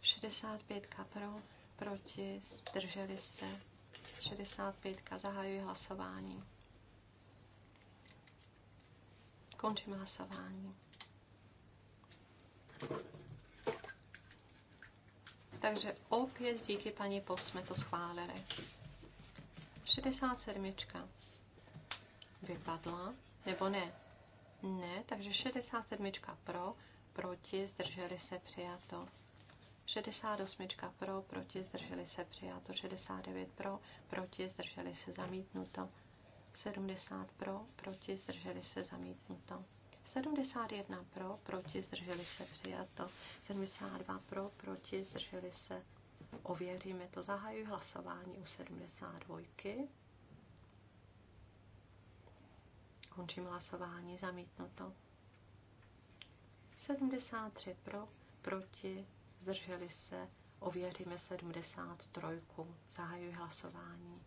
65 pro, proti, zdrželi se. 65. Zahajuji hlasování. Končím hlasování. Takže opět díky paní posme jsme to schválili. 67. Vypadla, nebo ne? Ne, takže 67. pro, proti, zdrželi se, přijato. 68 pro, proti, zdrželi se přijato. 69 pro, proti, zdrželi se zamítnuto. 70 pro, proti, zdrželi se zamítnuto. 71 pro, proti, zdrželi se přijato. 72 pro, proti, zdrželi se. Ověříme to. Zahajuji hlasování u 72. Končím hlasování, zamítnuto. 73 pro, proti, zdrželi se, ověříme 73. Zahajuji hlasování.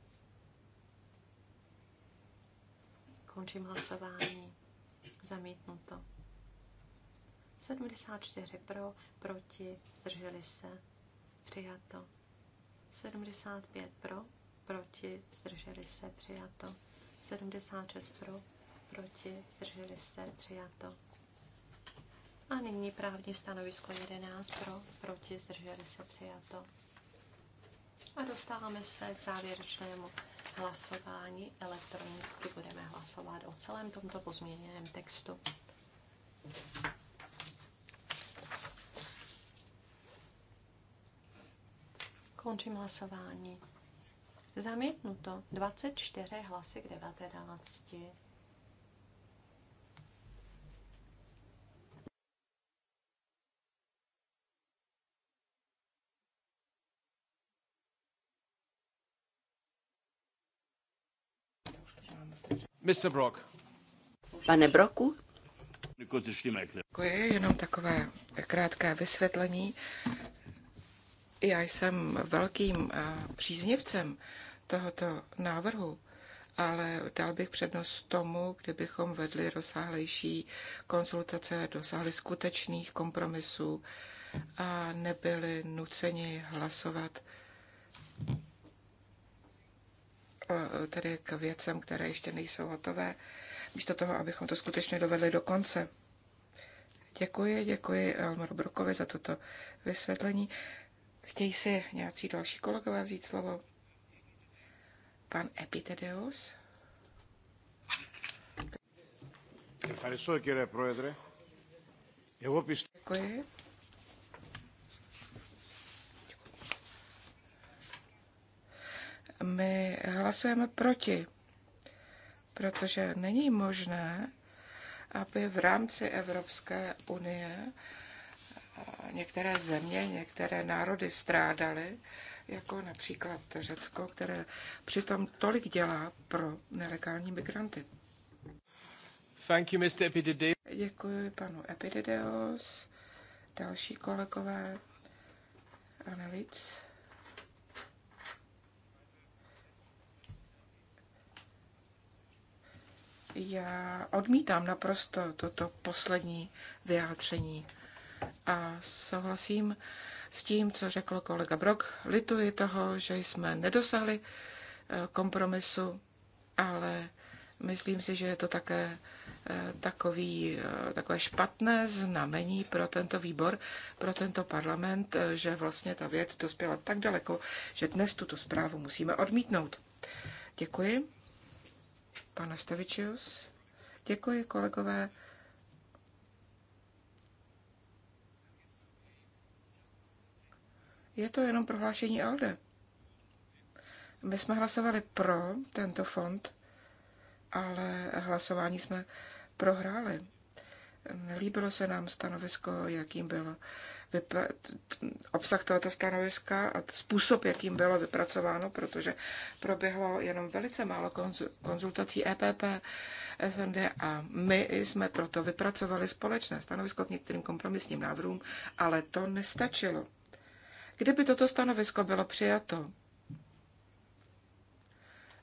Končím hlasování. Zamítnuto. 74 pro, proti, zdrželi se, přijato. 75 pro, proti, zdrželi se, přijato. 76 pro, proti, zdrželi se, přijato. A nyní právní stanovisko 11 pro, proti, zdrželi se přijato. A dostáváme se k závěrečnému hlasování. Elektronicky budeme hlasovat o celém tomto pozměněném textu. Končím hlasování. Zamítnuto 24 hlasy k 19. Pane Broku? Děkuji, jenom takové krátké vysvětlení. Já jsem velkým eh, příznivcem tohoto návrhu, ale dal bych přednost tomu, kdybychom vedli rozsáhlejší konzultace, dosáhli skutečných kompromisů a nebyli nuceni hlasovat tedy k věcem, které ještě nejsou hotové, místo toho, abychom to skutečně dovedli do konce. Děkuji, děkuji Elmaru Brokovi za toto vysvětlení. Chtějí si nějací další kolegové vzít slovo? Pan Epitedeus? Děkuji. my hlasujeme proti, protože není možné, aby v rámci Evropské unie některé země, některé národy strádaly, jako například Řecko, které přitom tolik dělá pro nelegální migranty. Thank you, Mr. Epidideos. Děkuji panu Epidideos, další kolegové, Annelies. Já odmítám naprosto toto poslední vyjádření a souhlasím s tím, co řekl kolega Brok. Lituji toho, že jsme nedosahli eh, kompromisu, ale myslím si, že je to také eh, takový, eh, takové špatné znamení pro tento výbor, pro tento parlament, že vlastně ta věc dospěla tak daleko, že dnes tuto zprávu musíme odmítnout. Děkuji. Pana Stavičius. Děkuji, kolegové. Je to jenom prohlášení ALDE. My jsme hlasovali pro tento fond, ale hlasování jsme prohráli. Líbilo se nám stanovisko, jakým bylo obsah tohoto stanoviska a způsob, jakým bylo vypracováno, protože proběhlo jenom velice málo konzultací EPP, SND a my jsme proto vypracovali společné stanovisko k některým kompromisním návrhům, ale to nestačilo. Kdyby toto stanovisko bylo přijato,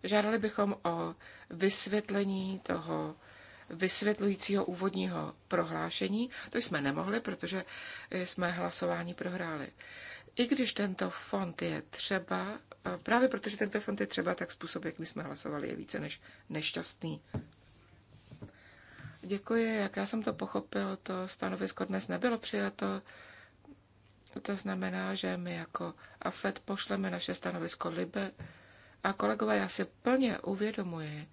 žádali bychom o vysvětlení toho vysvětlujícího úvodního prohlášení. To jsme nemohli, protože jsme hlasování prohráli. I když tento fond je třeba, právě protože tento fond je třeba, tak způsob, jak my jsme hlasovali, je více než nešťastný. Děkuji, jak já jsem to pochopil, to stanovisko dnes nebylo přijato. To znamená, že my jako AFED pošleme naše stanovisko LIBE. A kolegové, já si plně uvědomuji,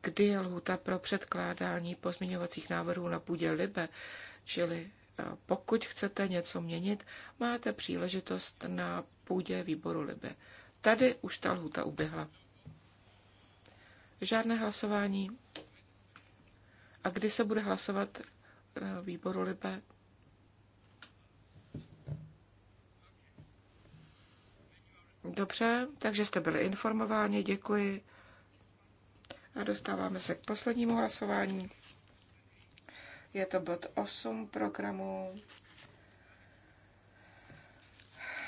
kdy je lhůta pro předkládání pozměňovacích návrhů na půdě Libe, čili eh, pokud chcete něco měnit, máte příležitost na půdě výboru Libe. Tady už ta lhůta uběhla. Žádné hlasování. A kdy se bude hlasovat na výboru Libe? Dobře, takže jste byli informováni, děkuji. A dostáváme se k poslednímu hlasování. Je to bod 8 programu.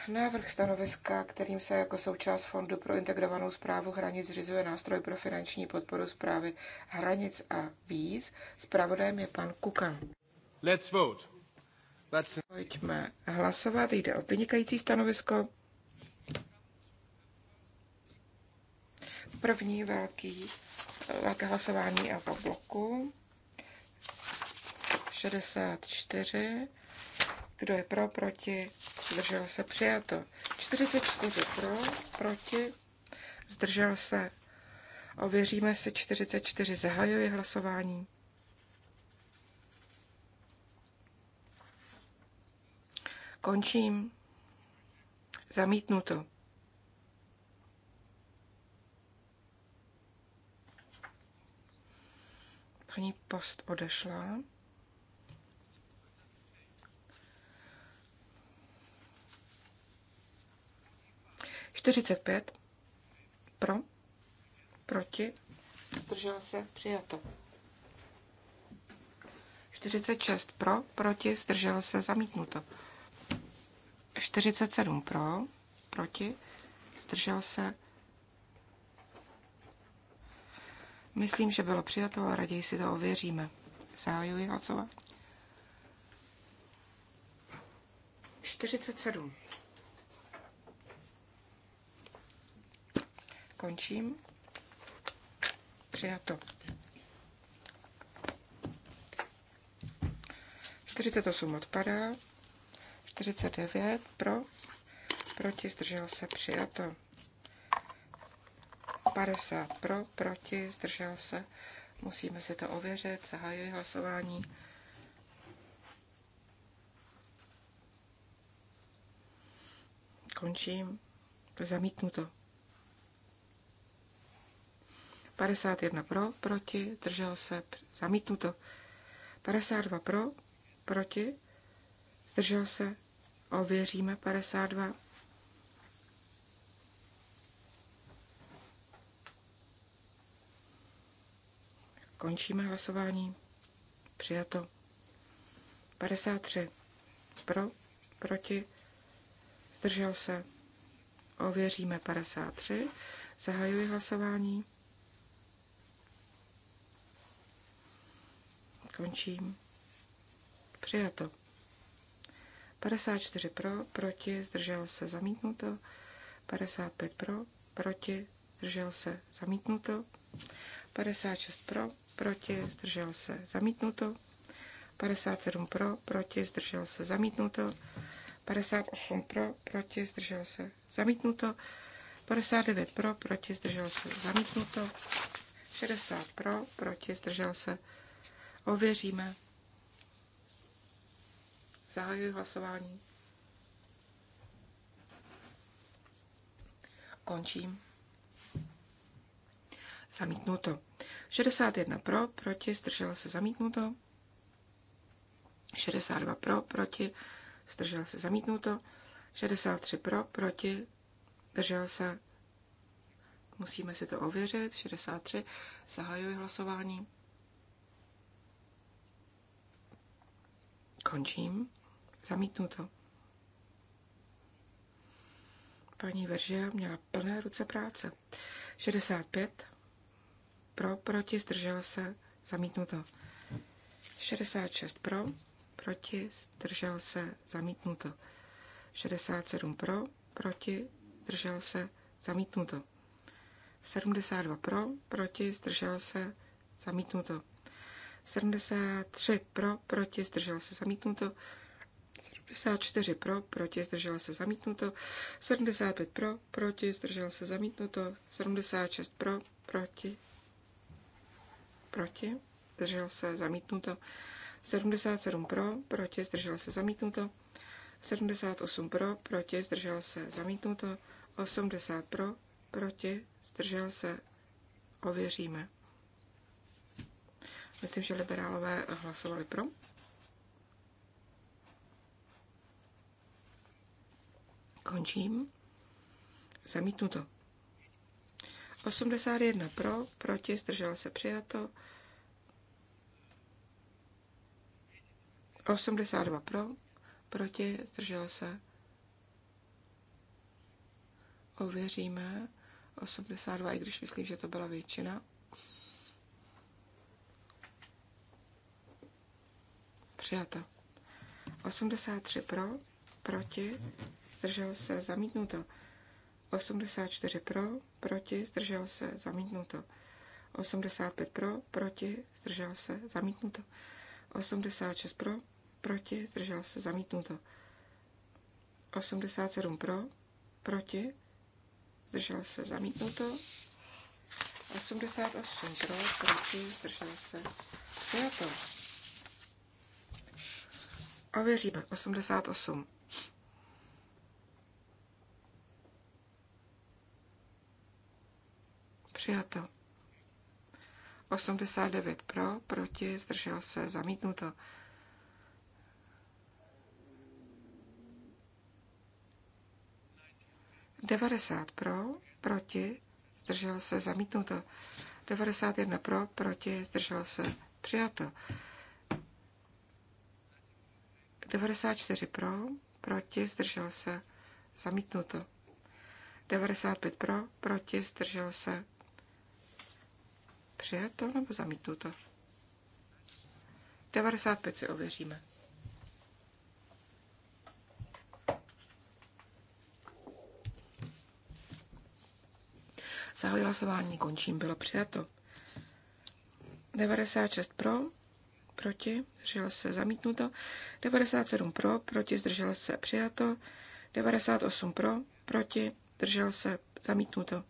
Návrh stanoviska, kterým se jako součást Fondu pro integrovanou zprávu hranic zřizuje nástroj pro finanční podporu zprávy hranic a víz. Spravodajem je pan Kukan. Let's vote. Let's... Pojďme hlasovat, jde o vynikající stanovisko. První velký velké hlasování a po bloku. 64. Kdo je pro, proti, zdržel se, přijato. 44 pro, proti, zdržel se. Ověříme si 44, Zahajuje hlasování. Končím. Zamítnuto. Paní Post odešla. Čtyřicet pět. Pro. Proti. Zdržel se. Přijato. 46 pro, proti, zdržel se, zamítnuto. 47 pro, proti, zdržel se, Myslím, že bylo přijato, a raději si to ověříme. Zahajuji hlasovat. 47. Končím. Přijato. 48 odpadá. 49 pro. Proti zdržel se přijato. 50 pro, proti, zdržel se. Musíme si to ověřit. Zahajuji hlasování. Končím. Zamítnuto. 51 pro, proti, zdržel se. Zamítnuto. 52 pro, proti, zdržel se. Ověříme 52. Končíme hlasování. Přijato. 53. Pro, proti, zdržel se. Ověříme 53. Zahajuji hlasování. Končím. Přijato. 54 pro, proti, zdržel se, zamítnuto. 55 pro, proti, zdržel se, zamítnuto. 56 pro, proti, zdržel se, zamítnuto. 57 pro, proti, zdržel se, zamítnuto. 58 pro, proti, zdržel se, zamítnuto. 59 pro, proti, zdržel se, zamítnuto. 60 pro, proti, zdržel se. Ověříme. Zahajuji hlasování. Končím. Zamítnuto. 61 pro, proti, zdržel se zamítnuto. 62 pro, proti, zdržel se zamítnuto. 63 pro, proti, zdržel se. Musíme si to ověřit. 63, zahajuji hlasování. Končím. Zamítnuto. Paní Verže měla plné ruce práce. 65 pro, proti, zdržel se, zamítnuto. 66 pro, proti, zdržel se, zamítnuto. 67 pro, proti, zdržel se, zamítnuto. 72 pro, proti, zdržel se, zamítnuto. 73 pro, proti, zdržel se, zamítnuto. 74 pro, proti, zdržel se, zamítnuto. 75 pro, proti, zdržel se, zamítnuto. 76 pro, proti, proti, zdržel se, zamítnuto. 77 pro, proti, zdržel se, zamítnuto. 78 pro, proti, zdržel se, zamítnuto. 80 pro, proti, zdržel se, ověříme. Myslím, že liberálové hlasovali pro. Končím. Zamítnuto. 81 pro, proti, zdržel se přijato. 82 pro, proti, zdržel se. Ověříme 82, i když myslím, že to byla většina. Přijato. 83 pro, proti, zdržel se, zamítnuto. 84 pro, proti, zdržel se, zamítnuto. 85 pro, proti, zdržel se, zamítnuto. 86 pro, proti, zdržel se, zamítnuto. 87 pro, proti, zdržel se, zamítnuto. 88 pro, proti, zdržel se, přijato. Ověříme 88. Přijato. 89 pro, proti, zdržel se, zamítnuto. Devadesát pro, proti, zdržel se, zamítnuto. 91 pro, proti, zdržel se, přijato. 94 pro, proti, zdržel se, zamítnuto. 95 pro, proti, zdržel se, Přijato nebo zamítnuto? 95 si ověříme. Zahoji hlasování, končím, bylo přijato. 96 pro, proti, zdrželo se zamítnuto. 97 pro, proti, zdrželo se přijato. 98 pro, proti, zdrželo se zamítnuto.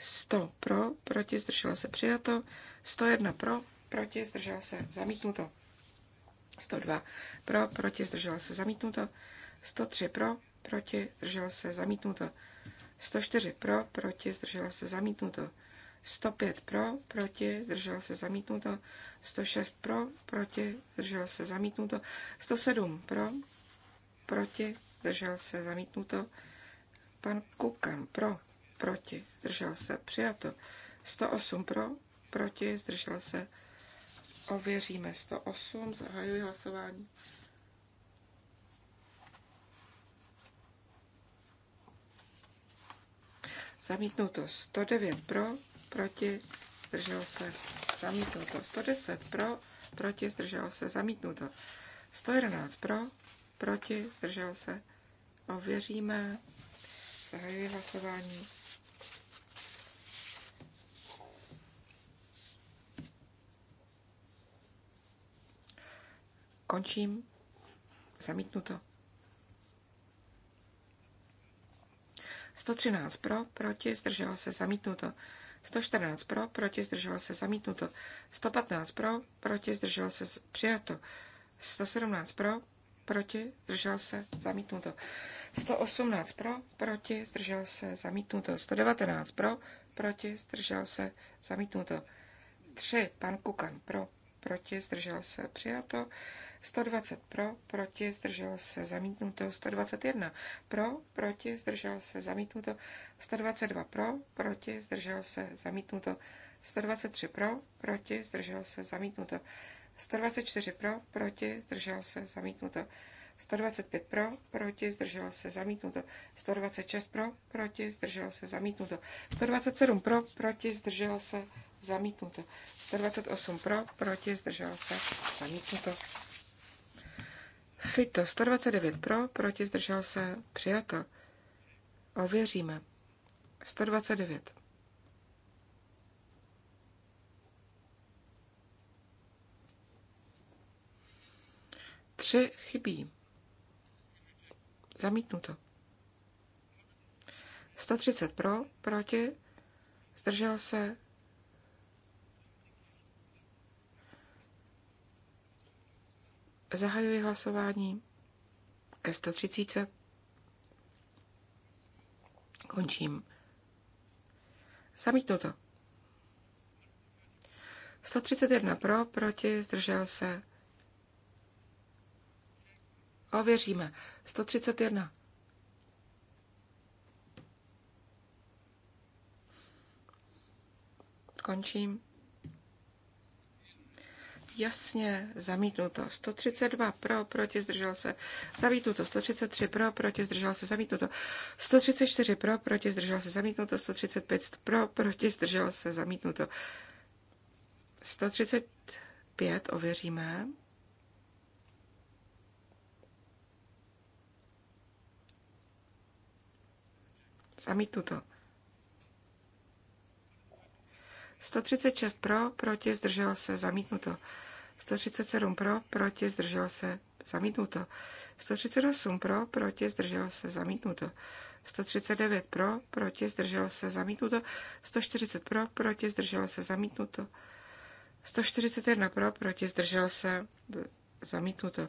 100 pro, proti, zdržel se přijato, 101 pro, proti, zdržel se zamítnuto, 102 pro, proti, zdržel se zamítnuto, 103 pro, proti, zdržel se zamítnuto, 104 pro, proti, zdržel se zamítnuto, 105 pro, proti, zdržel se zamítnuto, 106 pro, proti, zdržel se zamítnuto, 107 pro, proti, zdržel se zamítnuto, pan Kukan pro, proti, zdržel se, přijato. 108 pro, proti, zdržel se, ověříme 108, zahajuji hlasování. Zamítnuto 109 pro, proti, zdržel se, zamítnuto 110 pro, proti, zdržel se, zamítnuto 111 pro, proti, zdržel se, ověříme, zahajuji hlasování. Končím. Zamítnuto. 113 pro, proti, zdrželo se, zamítnuto. 114 pro, proti, zdrželo se, zamítnuto. 115 pro, proti, zdrželo se, přijato. 117 pro, proti, zdržel se, zamítnuto. 118 pro, proti, zdržel se, zamítnuto. 119 pro, proti, zdržel se, zamítnuto. 3. Pan Kukan pro, proti, zdržel se, přijato. 120 pro, proti, zdržel se zamítnuto, 121 pro, proti, zdržel se zamítnuto, 122 pro, proti, zdržel se zamítnuto, 123 pro, proti, zdržel se zamítnuto, 124 pro, proti, zdržel se zamítnuto, 125 pro, proti, zdržel se zamítnuto. 126 pro, proti, zdržel se zamítnuto. 127 pro, proti, zdržel se zamítnuto. 128 pro, proti, zdržel se zamítnuto. Fito 129 pro, proti zdržel se, přijato. Ověříme. 129. Tři chybí. Zamítnuto. 130 pro, proti, zdržel se, Zahajuji hlasování ke 130. Končím. Samý to. 131 pro, proti, zdržel se. Ověříme. 131. Končím jasně zamítnuto. 132 pro, proti, zdržel se, zamítnuto. 133 pro, proti, zdržel se, zamítnuto. 134 pro, proti, zdržel se, zamítnuto. 135 pro, proti, zdržel se, zamítnuto. 135 ověříme. Zamítnuto. 136 pro, proti, zdržel se, zamítnuto. 137 pro, proti, zdržel se, zamítnuto. 138 pro, proti, zdržel se, zamítnuto. 139 pro, proti, zdržel se, zamítnuto. 140 pro, proti, zdržel se, zamítnuto. 141 pro, proti, zdržel se, zamítnuto.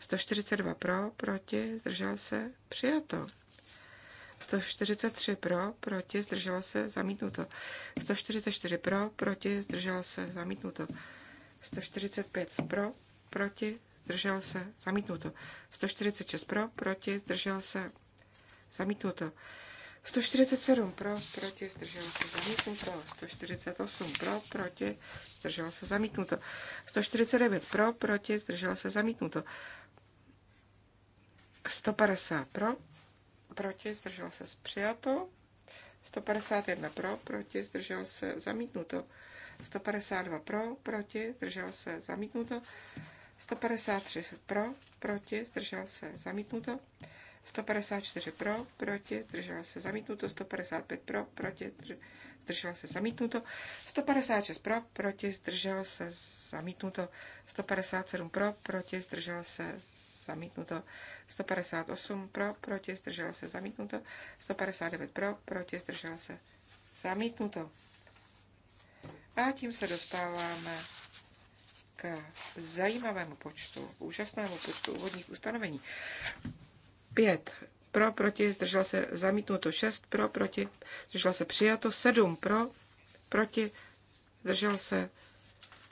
142 pro, proti, zdržel se, přijato. 143 pro, proti, zdržel se, zamítnuto. 144 pro, proti, zdržel se, zamítnuto. 145 pro, proti, zdržel se, zamítnuto. 146 pro, proti, zdržel se, zamítnuto. 147 pro, proti, zdržel se, zamítnuto. 148 pro, proti, zdržel se, zamítnuto. 149 pro, proti, zdržel se, zamítnuto. 150 pro, proti, zdržel se, přijato. 151 pro, proti, zdržel se, zamítnuto. 152 pro, proti, zdržel se, zamítnuto. 153 pro, proti, zdržel se, zamítnuto. 154 pro, proti, zdržel se, zamítnuto. 155 pro, proti, zdržel se, zamítnuto. 156 pro, proti, zdržel se, zamítnuto. 157 pro, proti, zdržel se, zamítnuto. 158 pro, proti, zdržel se, zamítnuto. 159 pro, proti, zdržel se, zamítnuto. A tím se dostáváme k zajímavému počtu, úžasnému počtu úvodních ustanovení. Pět Pro, proti, zdržela se zamítnuto. šest Pro, proti, zdržela se přijato. sedm Pro, proti, zdržel se.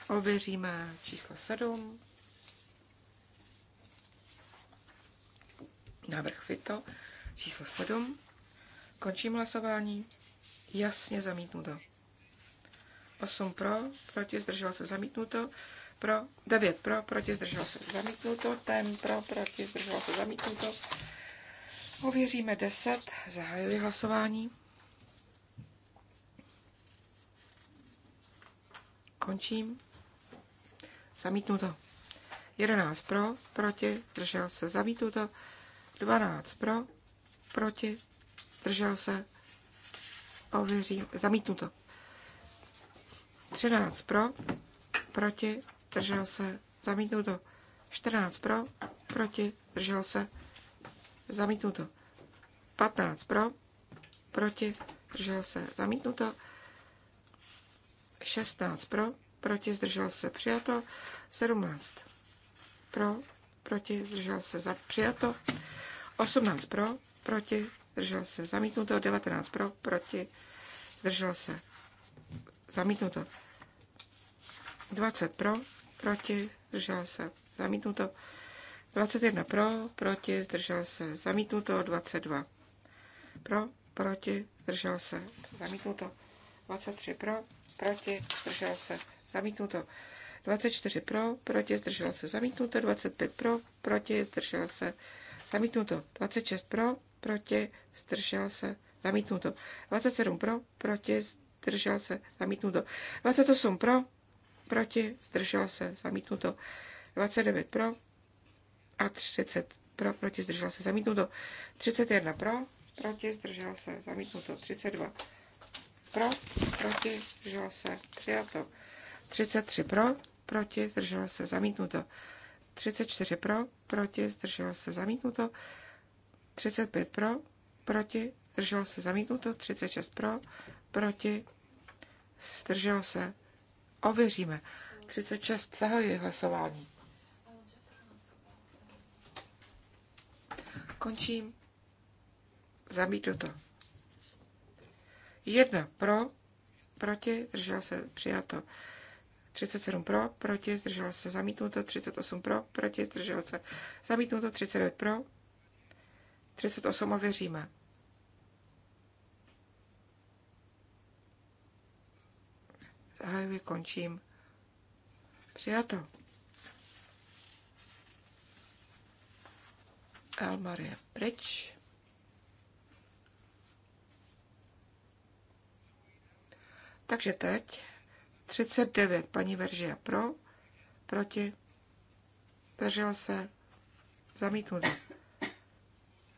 Ověříme číslo sedm Návrh FITO číslo sedm Končím hlasování. Jasně zamítnuto. 8 pro, proti, zdržel se zamítnuto, pro, 9 pro, proti, zdržel se zamítnuto, ten pro, proti, zdržel se zamítnuto. Ověříme 10, zahajuji hlasování. Končím. Zamítnuto. 11 pro, proti, zdržel se zamítnuto. 12 pro, proti, zdržel se, ověřím, zamítnuto. 13 pro, proti, držel se, zamítnuto. 14 pro, proti, držel se, zamítnuto. 15 pro, proti, držel se, zamítnuto. 16 pro, proti, zdržel se, přijato. 17 pro, proti, zdržel se, za, přijato. 18 pro, proti, zdržel se, zamítnuto. 19 pro, proti, zdržel se, zamítnuto. 20 pro, proti, zdržel se, zamítnuto. 21 pro, proti, zdržel se, zamítnuto. 22 pro, proti, zdržel se, zamítnuto. 23 pro, proti, zdržel se, zamítnuto. 24 pro, proti, zdržel se, zamítnuto. 25 pro, proti, zdržel se, zamítnuto. 26 pro, proti, zdržel se, zamítnuto. 27 pro, proti, zdržel se, zamítnuto. 28 pro, proti, zdržel se, zamítnuto. 29 pro a 30 pro, proti, zdržel se, zamítnuto. 31 pro, proti, zdržel se, zamítnuto. 32 pro, proti, zdržel se, přijato. 33 pro, proti, zdržel se, zamítnuto. 34 pro, proti, zdržel se, zamítnuto. 35 pro, proti, zdržel se, zamítnuto. 36 pro, proti, zdržel se, Ověříme. 36 zahajuje hlasování. Končím. Zamítnu to. Jedna pro, proti, zdržela se, přijato. 37 pro, proti, zdržela se, zamítnuto. 38 pro, proti, zdržela se, zamítnuto. 39 pro, 38 ověříme. Zahajuji, končím. Přijato. Elmar je pryč. Takže teď 39 paní Veržia pro, proti, zdržel se, zamítnuto.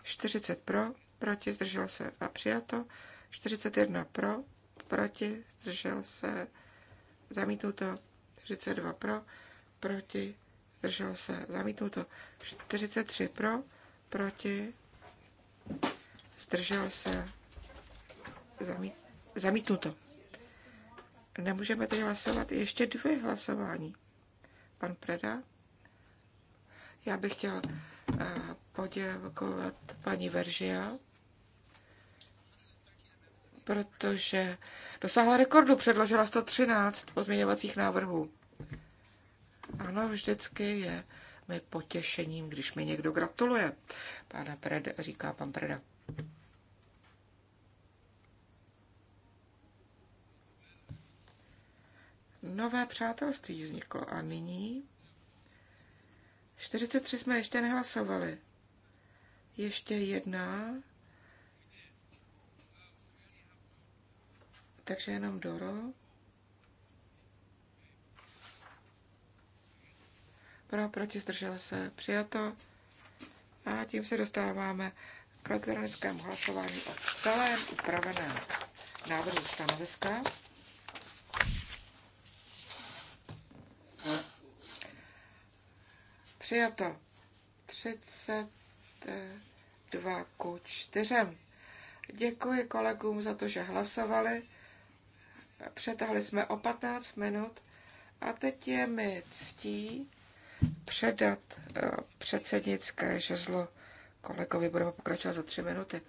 40 pro, proti, zdržel se a přijato. 41 pro, proti, zdržel se, zamítnuto, 42 pro, proti, zdržel se, zamítnuto, 43 pro, proti, zdržel se, zamít, zamítnuto. Nemůžeme tedy hlasovat ještě dvě hlasování. Pan Preda? Já bych chtěl eh, poděkovat paní Veržia protože dosáhla rekordu, předložila 113 pozměňovacích návrhů. Ano, vždycky je mi potěšením, když mi někdo gratuluje, pána Preda, říká pan Preda. Nové přátelství vzniklo a nyní 43 jsme ještě nehlasovali. Ještě jedna Takže jenom Doro. Pro, proti, zdržel se, přijato. A tím se dostáváme k elektronickému hlasování o celém upraveném návrhu stanoviska. Přijato 32 ku 4. Děkuji kolegům za to, že hlasovali. Přetahli jsme o 15 minut a teď je mi ctí předat eh, předsednické žezlo kolegovi. Budeme pokračovat za tři minuty.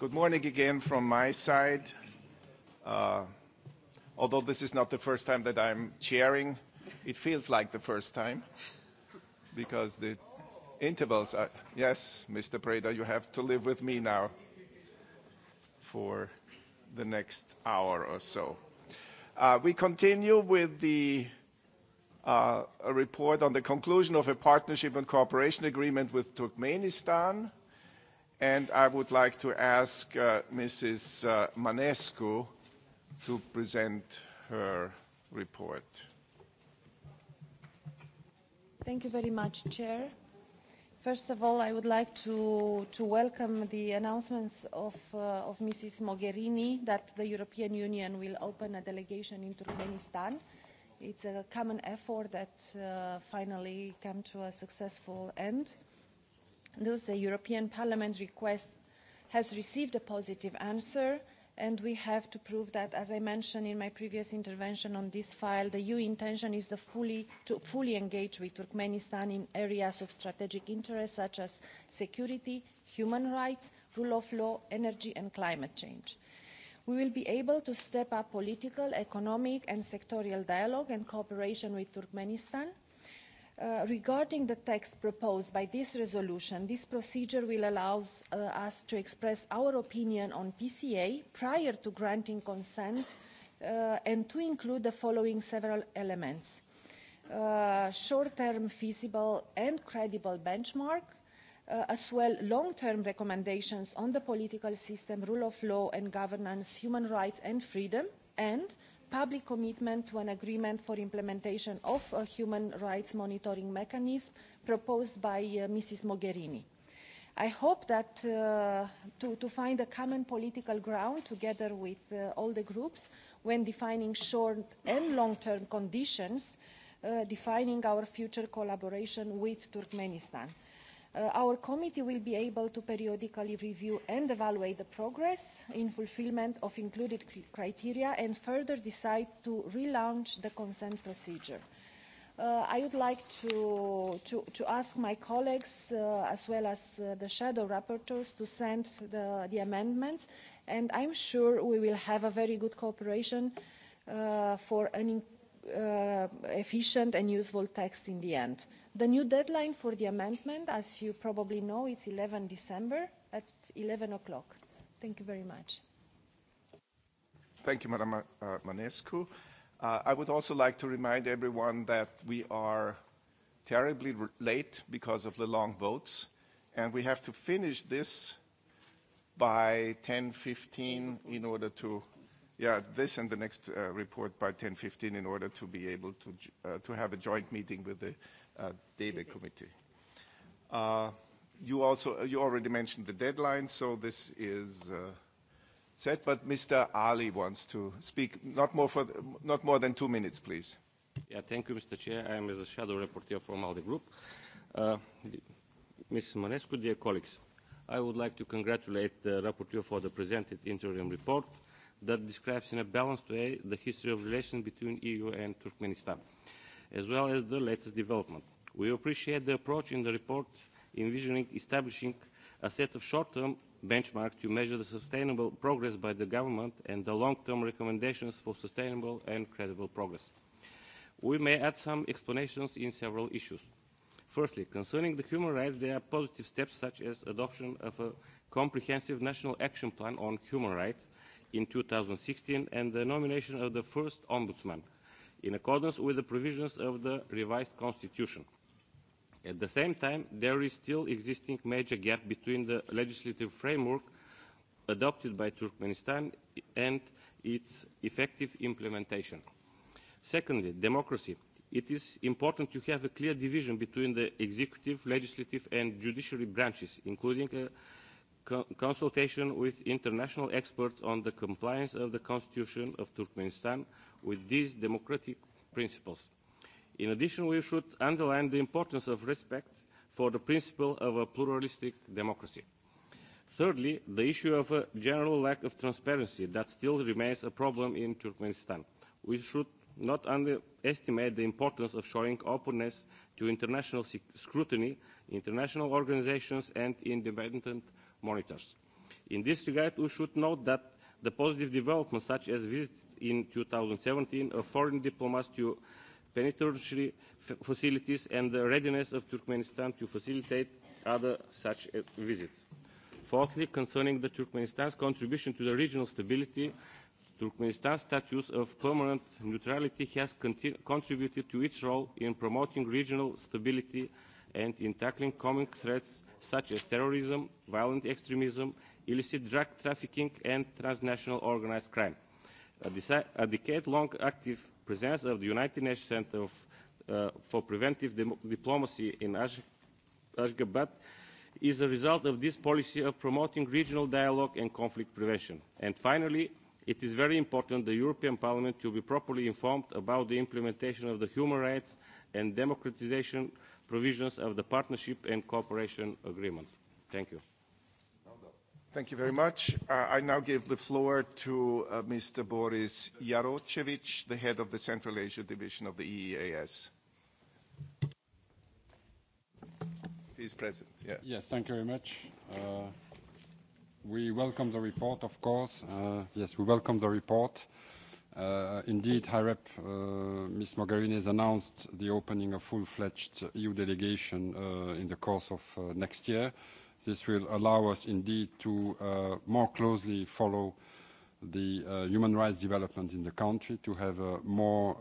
Good morning again from my side. Uh, although this is not the first time that I'm chairing, it feels like the first time because the intervals are. Yes, Mr. Preda, you have to live with me now for the next hour or so. Uh, we continue with the uh, report on the conclusion of a partnership and cooperation agreement with Turkmenistan. And I would like to ask uh, Mrs. Uh, Manescu to present her report. Thank you very much, Chair. First of all, I would like to, to welcome the announcements of, uh, of Mrs. Mogherini that the European Union will open a delegation in Turkmenistan. It's a common effort that uh, finally came to a successful end. Uh, Thus, the European Parliament request has received a positive answer, and we have to prove that, as I mentioned in my previous intervention on this file, the EU intention is the fully, to fully engage with Turkmenistan in areas of strategic interest such as security, human rights, rule of law, energy and climate change. We will be able to step up political, economic and sectorial dialogue and cooperation with Turkmenistan – Uh, regarding the text proposed by this resolution, this procedure will allow uh, us to express our opinion on PCA prior to granting consent uh, and to include the following several elements. Uh, short-term feasible and credible benchmark, uh, as well long-term recommendations on the political system, rule of law and governance, human rights and freedom, and public commitment to an agreement for implementation of a human rights monitoring mechanism proposed by uh, Mrs. Mogherini. I hope that uh, to, to find a common political ground together with uh, all the groups when defining short and long-term conditions, uh, defining our future collaboration with Turkmenistan. Uh, our committee will be able to periodically review and evaluate the progress in fulfillment of included criteria and further decide to relaunch the consent procedure. Uh, I would like to, to, to ask my colleagues, uh, as well as uh, the shadow rapporteurs, to send the, the amendments, and I'm sure we will have a very good cooperation uh, for an Uh, efficient and useful text in the end. The new deadline for the amendment, as you probably know, is 11 December at 11 o'clock. Thank you very much. Thank you, Madam uh, Manescu. Uh, I would also like to remind everyone that we are terribly late because of the long votes, and we have to finish this by 10:15 in order to yeah, this and the next uh, report by 10:15 in order to be able to uh, to have a joint meeting with the uh, DEWE committee. Uh, You also uh, you already mentioned the deadline, so this is uh, set, but Mr. Ali wants to speak. Not more, for, the, not more than two minutes, please. Yeah, thank you, Mr. Chair. I am as a shadow reporter from ALDE Group. Uh, Mrs. Manescu, dear colleagues, I would like to congratulate the rapporteur for the presented interim report that describes in a balanced way the history of relations between EU and Turkmenistan, as well as the latest development. We appreciate the approach in the report envisioning establishing a set of short-term benchmarks to measure the sustainable progress by the government and the long-term recommendations for sustainable and credible progress. We may add some explanations in several issues. Firstly, concerning the human rights, there are positive steps such as adoption of a comprehensive national action plan on human rights in 2016 and the nomination of the first ombudsman in accordance with the provisions of the revised constitution. At the same time, there is still existing major gap between the legislative framework adopted by Turkmenistan and its effective implementation. Secondly, democracy. It is important to have a clear division between the executive, legislative and judiciary branches, including a consultation with international experts on the compliance of the Constitution of Turkmenistan with these democratic principles. In addition, we should underline the importance of respect for the principle of a pluralistic democracy. Thirdly, the issue of a general lack of transparency that still remains a problem in Turkmenistan. We should not underestimate the importance of showing openness to international scrutiny, international organizations, and independent monitors. In this regard, we should note that the positive developments such as visits in 2017 of foreign diplomats to penitentiary facilities and the readiness of Turkmenistan to facilitate other such eh, visits. Fourthly, concerning the Turkmenistan's contribution to the regional stability, Turkmenistan's status of permanent neutrality has contributed to its role in promoting regional stability and in tackling common threats such as terrorism, violent extremism, illicit drug trafficking and transnational organized crime. A, a decade-long active presence of the United Nations Center of, uh, for Preventive Dem Diplomacy in Ash Ashgabat is a result of this policy of promoting regional dialogue and conflict prevention. And finally, it is very important the European Parliament to be properly informed about the implementation of the human rights and democratization provisions of the partnership and cooperation agreement. Thank you. Thank you very much. Uh, I now give the floor to uh, Mr. Boris Yarochevich, the head of the Central Asia Division of the EEAS. He's present. Yeah. Yes, thank you very much. Uh, we welcome the report, of course. Uh, yes, we welcome the report. Uh, indeed, High Rep uh, Ms. Mogherini has announced the opening of full-fledged EU delegation uh, in the course of next year. This will allow us indeed to more closely follow the human rights development in the country, to have a more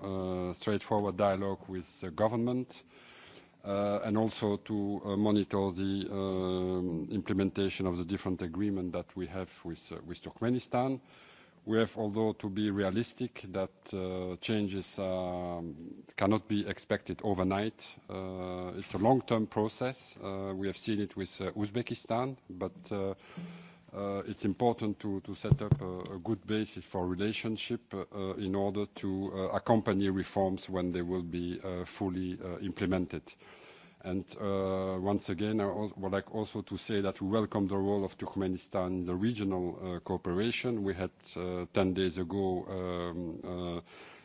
straightforward dialogue with the government, and also to monitor the um, implementation of the different agreement that we have with, with Turkmenistan. We have, although, to be realistic that uh, changes um, cannot be expected overnight. Uh, it's a long-term process. Uh, we have seen it with Uzbekistan, but it's important to, to set up a good basis for relationship in order to accompany reforms when they will be fully implemented. Uh, once again, I would like also to say that we welcome the role of Turkmenistan in the regional uh, cooperation. We had 10 uh, days ago um,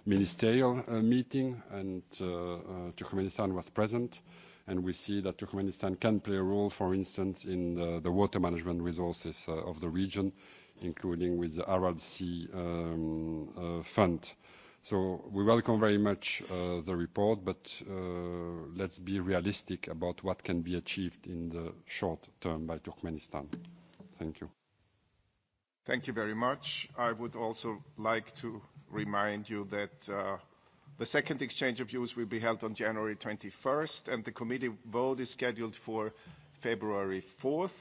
ministerial meeting, and Turkmenistan was present. And we see that Turkmenistan can play a role, for instance, in the, the water management resources of the region, including with the Aral Sea um, uh, Fund. So we welcome very much uh, the report, but uh, let's be realistic about what can be achieved in the short term by Turkmenistan. Thank you. Thank you very much. I would also like to remind you that uh, the second exchange of views will be held on January 21st, and the committee vote is scheduled for February 4th,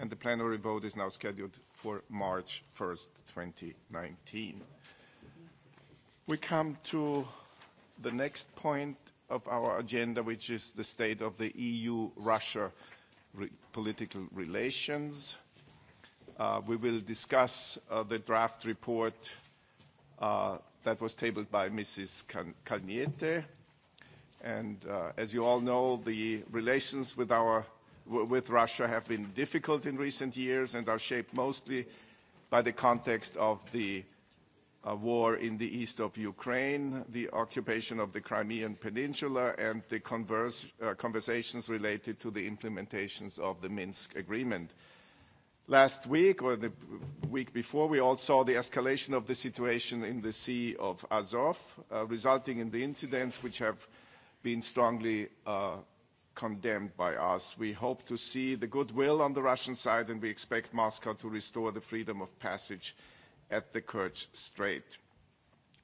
and the plenary vote is now scheduled for March 1st, 2019. We come to the next point of our agenda, which is the state of the EU-Russia re political relations. Uh, we will discuss uh, the draft report uh, that was tabled by Mrs. Kalniete. And uh, as you all know, the relations with, our, with Russia have been difficult in recent years and are shaped mostly by the context of the a war in the east of Ukraine, the occupation of the Crimean Peninsula, and the converse, uh, conversations related to the implementations of the Minsk agreement. Last week, or the week before, we all saw the escalation of the situation in the Sea of Azov, uh, resulting in the incidents which have been strongly uh, condemned by us. We hope to see the goodwill on the Russian side, and we expect Moscow to restore the freedom of passage at the Kerch Strait.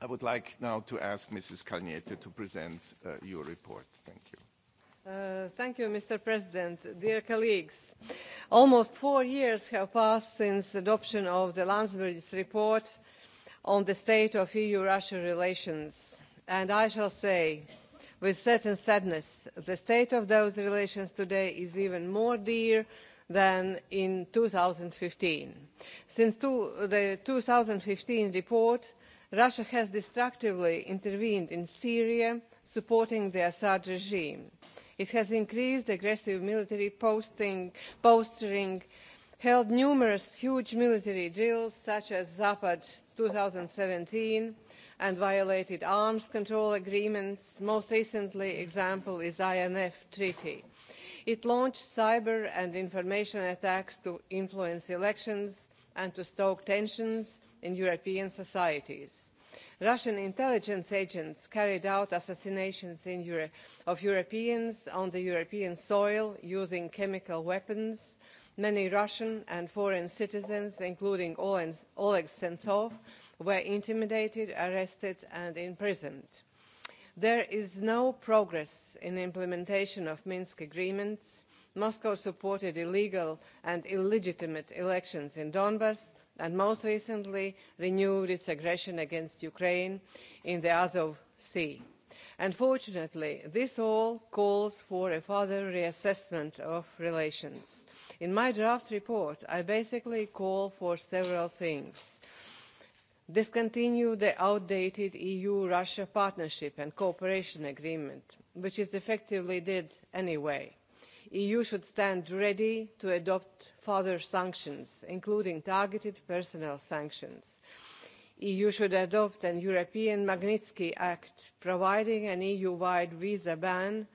I would like now to ask Mrs. Kalniete to present uh, your report. Thank you. Uh, thank you, Mr. President. Dear colleagues, almost four years have passed since adoption of the Landsbergis report on the state of EU-Russia relations. And I shall say, with certain sadness, the state of those relations today is even more dear than in 2015. Since two, the 2015 report, Russia has destructively intervened in Syria, supporting the Assad regime. It has increased aggressive military posting, posturing, held numerous huge military drills such as Zapad 2017, and violated arms control agreements. Most recently example is INF Treaty. It launched cyber and information attacks to influence elections and to stoke tensions in European societies. Russian intelligence agents carried out assassinations in Euro of Europeans on the European soil using chemical weapons. Many Russian and foreign citizens, including Oleg Sentsov, were intimidated, arrested and imprisoned there is no progress in implementation of minsk agreements moscow supported illegal and illegitimate elections in donbas and most recently renewed its aggression against ukraine in the azov sea. unfortunately this all calls for a further reassessment of relations. in my draft report i basically call for several things discontinue the outdated EU-Russia partnership and cooperation agreement, which is effectively dead anyway. EU should stand ready to adopt further sanctions, including targeted personal sanctions. EU should adopt an European Magnitsky Act, providing an EU-wide visa ban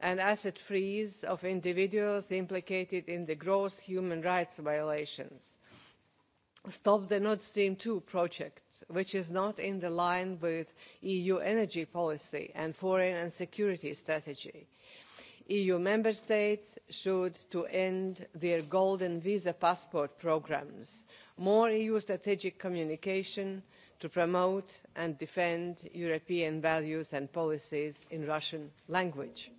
and asset freeze of individuals implicated in the gross human rights violations stop the Nord Stream 2 project, which is not in the line with EU energy policy and foreign and security strategy. EU member states should to end their golden visa passport programs. More EU strategic communication to promote and defend European values and policies in Russian language.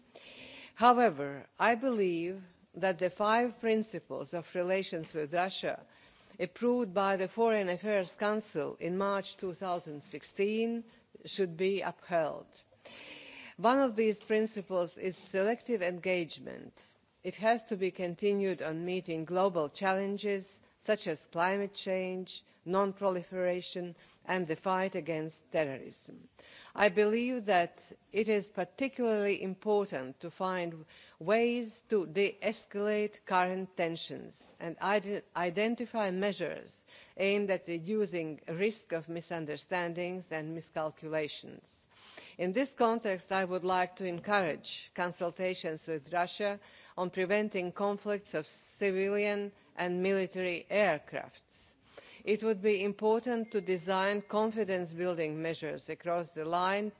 However, I believe that the five principles of relations with Russia approved by the foreign affairs council in march two thousand and sixteen should be upheld. one of these principles is selective engagement. it has to be continued on meeting global challenges such as climate change non proliferation and the fight against terrorism. i believe that it is particularly important to find ways to de-escalate current tensions and identify measures aimed at reducing risk of misunderstandings and miscalculations. In this context, I would like to encourage consultations with Russia on preventing conflicts of civilian and military aircrafts. It would be important to design confidence-building measures across the line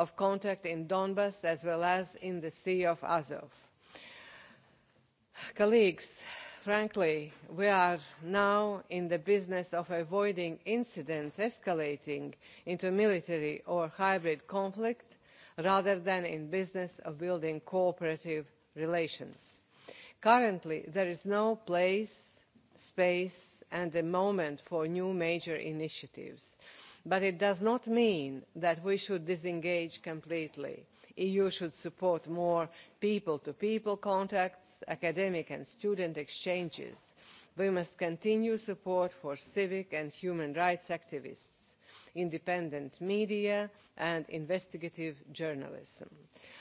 of contact in donbas as well as in the sea of azov. colleagues frankly we are now in the business of avoiding incidents escalating into military or hybrid conflict rather than in business of building cooperative relations. currently there is no place space and a moment for new major initiatives but it does not mean that we should disengage completely. the eu should support more people to people contacts academic and student exchanges. we must continue support for civic and human rights activists independent media and investigative journalism.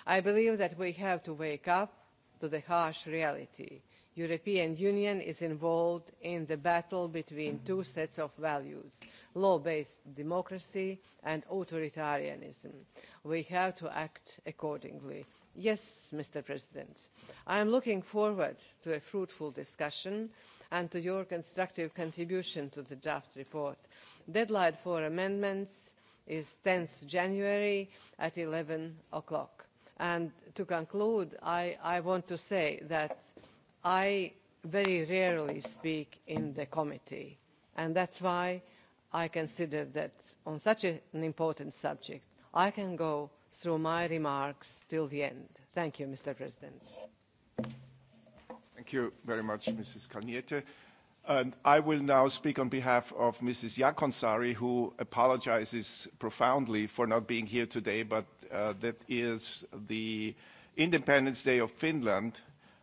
i believe that we have to wake up to the harsh reality. the european union is involved in the battle between two sets of values law-based democracy and authoritarianism. We have to act accordingly. Yes, Mr. President, I am looking forward to a fruitful discussion and to your constructive contribution to the draft report. Deadline for amendments is 10th January at 11 o'clock. And to conclude, I, I want to say that I very rarely speak in the committee, and that's why i consider that on such a, an important subject, I can go through my remarks till the end. Thank you, Mr. President. Thank you very much, Mrs. Kalniete. And I will now speak on behalf of Mrs. Yakonsari, who apologizes profoundly for not being here today, but uh, that is the Independence Day of Finland,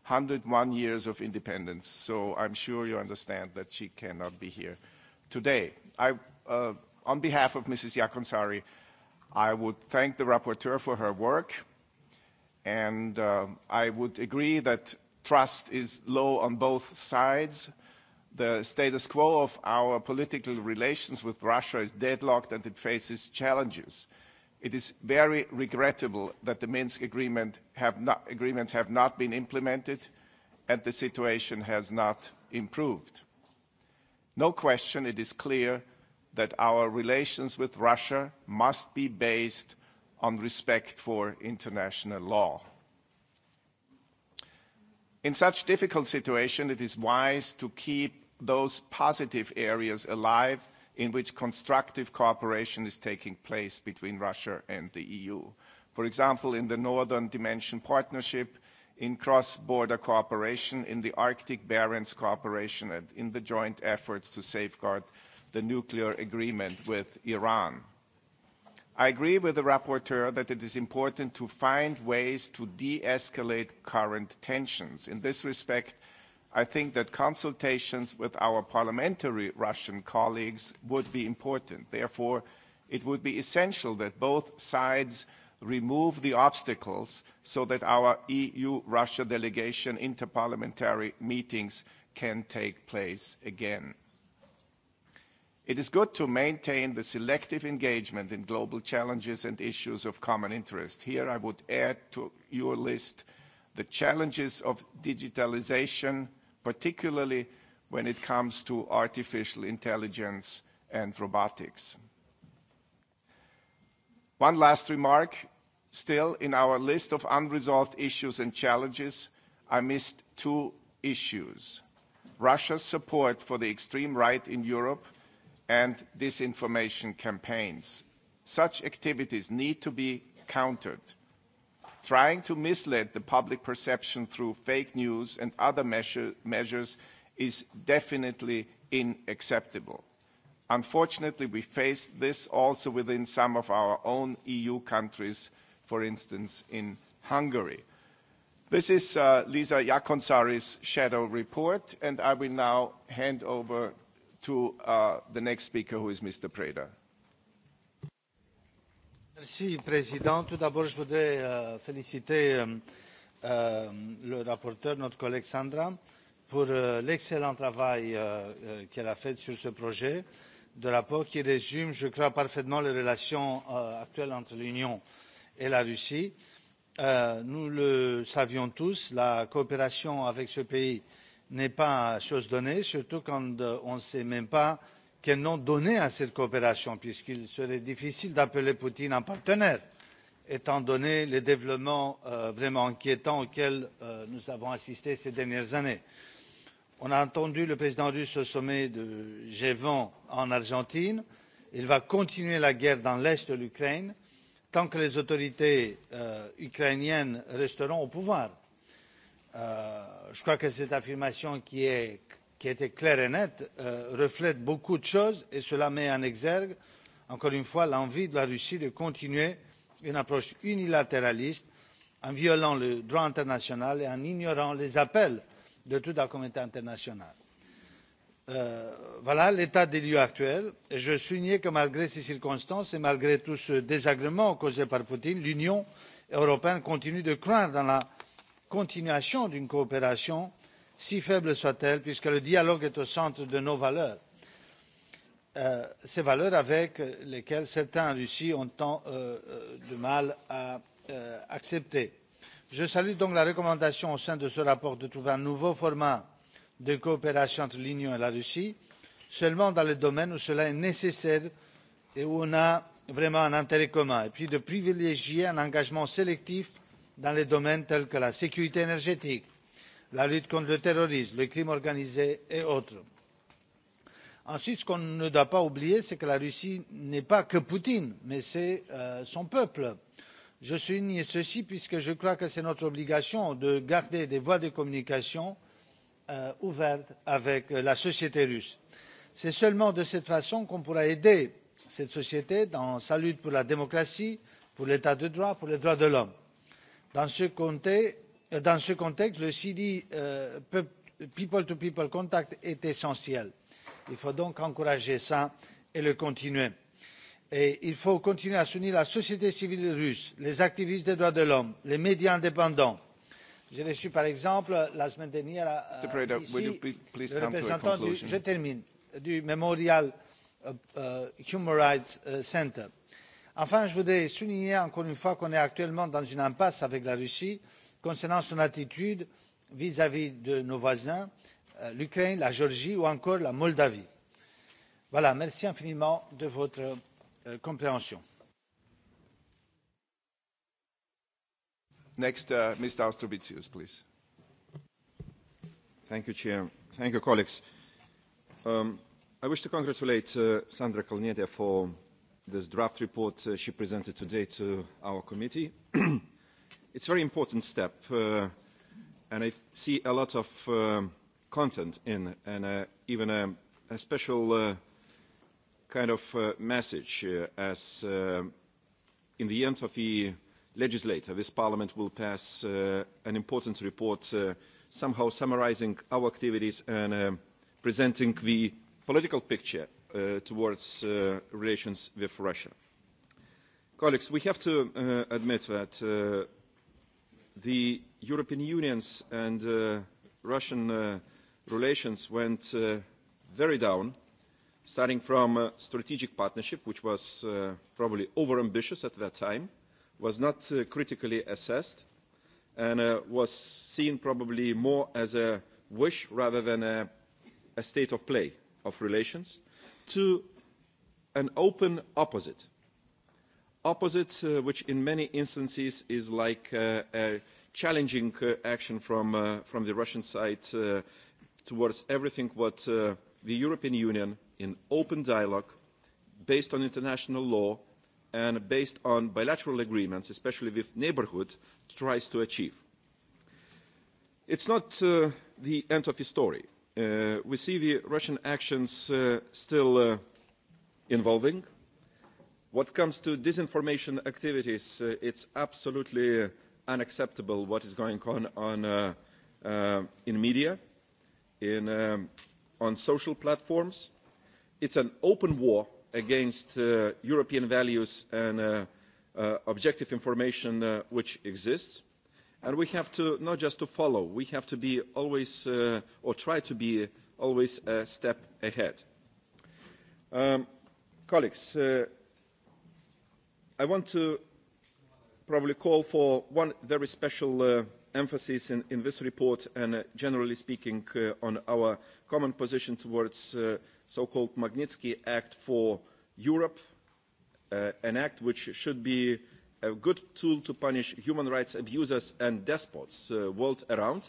101 years of independence. So I'm sure you understand that she cannot be here today. I, uh, on behalf of Mrs. Yakonsari, I would thank the rapporteur for her work, and uh, I would agree that trust is low on both sides. The status quo of our political relations with Russia is deadlocked and it faces challenges. It is very regrettable that the Minsk agreement have not, agreements have not been implemented and the situation has not improved. No question, it is clear that our relations with Russia must be based on respect for international law. In such difficult situation, it is wise to keep those positive areas alive in which constructive cooperation is taking place between Russia and the EU. For example, in the Northern Dimension Partnership, in cross-border cooperation, in the Arctic Barents cooperation, and in the joint efforts to safeguard the nuclear agreement with Iran. I agree with the rapporteur that it is important to find ways to de-escalate current tensions. In this respect, I think that consultations with our parliamentary Russian colleagues would be important. Therefore, it would be essential that both sides – remove the obstacles so that our EU-Russia delegation interparliamentary meetings can take place again. It is good to maintain the selective engagement in global challenges and issues of common interest. Here I would add to your list the challenges of digitalization, particularly when it comes to artificial intelligence and robotics. One last remark. Still, in our list of unresolved issues and challenges, I missed two issues: Russia's support for the extreme right in Europe and disinformation campaigns. Such activities need to be countered. Trying to mislead the public perception through fake news and other measures is definitely unacceptable. Unfortunately, we face this also within some of our own EU countries, for instance, in Hungary. This is uh, Lisa Jaakonsaari's shadow report, and I will now hand over to uh, the next speaker, who is Mr. Preda. Merci, Président. Tout d'abord, je voudrais euh, féliciter euh, euh, le rapporteur, notre collègue Sandra, pour euh, l'excellent travail euh, euh, qu'elle a fait sur ce projet de rapport qui résume je crois parfaitement les relations euh, actuelles entre l'union et la russie. Euh, nous le savions tous la coopération avec ce pays n'est pas chose donnée surtout quand euh, on ne sait même pas quel nom donner à cette coopération puisqu'il serait difficile d'appeler poutine un partenaire étant donné les développements vraiment inquiétants auxquels nous avons assisté ces dernières années on a entendu le président russe au sommet du g vingt en argentine il va continuer la guerre dans l'est de l'ukraine tant que les autorités euh, ukrainiennes resteront au pouvoir. Euh, je crois que cette affirmation qui, est, qui était claire et nette euh, reflète beaucoup de choses et cela met en exergue encore une fois l'envie de la russie de continuer une approche unilatéraliste en violant le droit international et en ignorant les appels de toute la communauté internationale. Euh, voilà l'état des lieux actuel. et je veux souligner que malgré ces circonstances et malgré tout ce désagrément causé par poutine l'union européenne continue de croire dans la continuation d'une coopération si faible soit elle puisque le dialogue est au centre de nos valeurs euh, ces valeurs avec lesquelles certains en russie ont tant euh, de mal à accepter je salue donc la recommandation au sein de ce rapport de trouver un nouveau format de coopération entre l'union et la russie seulement dans les domaines où cela est nécessaire et où on a vraiment un intérêt commun et puis de privilégier un engagement sélectif dans les domaines tels que la sécurité énergétique la lutte contre le terrorisme le crime organisé et autres. ensuite ce qu'on ne doit pas oublier c'est que la russie n'est pas que poutine mais c'est euh, son peuple je souligne ceci puisque je crois que c'est notre obligation de garder des voies de communication euh, ouvertes avec euh, la société russe. c'est seulement de cette façon qu'on pourra aider cette société dans sa lutte pour la démocratie pour l'état de droit pour les droits de l'homme. dans ce euh, contexte le cd people to people contact est essentiel. il faut donc encourager cela et le continuer et il faut continuer à soutenir la société civile russe les activistes des droits de l'homme les médias indépendants. j'ai reçu par exemple la semaine dernière euh, ici le représentant du, je termine, du memorial euh, euh, human rights center. enfin je voudrais souligner encore une fois qu'on est actuellement dans une impasse avec la russie concernant son attitude vis à vis de nos voisins l'ukraine la géorgie ou encore la moldavie. voilà merci infiniment de votre Euh, compréhension. Next, uh, Mr. Austrovicius, please. Thank you, Chair. Thank you, colleagues. Um, I wish to congratulate uh, Sandra Kalnieta for this draft report uh, she presented today to our committee. it's a very important step, uh, and I see a lot of um, content in, and uh, even a, a special uh, kind of uh, message uh, as uh, in the end of the legislature, this parliament will pass uh, an important report uh, somehow summarizing our activities and uh, presenting the political picture uh, towards uh, relations with Russia. Colleagues, we have to uh, admit that uh, the European Union's and uh, Russian uh, relations went uh, very down starting from a strategic partnership, which was uh, probably overambitious at that time, was not uh, critically assessed, and uh, was seen probably more as a wish rather than a, a state of play of relations, to an open opposite. Opposite, uh, which in many instances is like uh, a challenging uh, action from, uh, from the Russian side uh, towards everything what uh, the European Union in open dialogue based on international law and based on bilateral agreements, especially with neighborhood, tries to achieve. It's not uh, the end of the story. Uh, we see the Russian actions uh, still uh, involving. What comes to disinformation activities, uh, it's absolutely unacceptable what is going on, on uh, uh, in media, in, um, on social platforms it's an open war against uh, European values and uh, uh, objective information uh, which exists. And we have to not just to follow, we have to be always, uh, or try to be always a step ahead. Um, colleagues, uh, I want to probably call for one very special uh, emphasis in, in this report and uh, generally speaking uh, on our common position towards uh, so-called Magnitsky Act for Europe, uh, an act which should be a good tool to punish human rights abusers and despots uh, world around.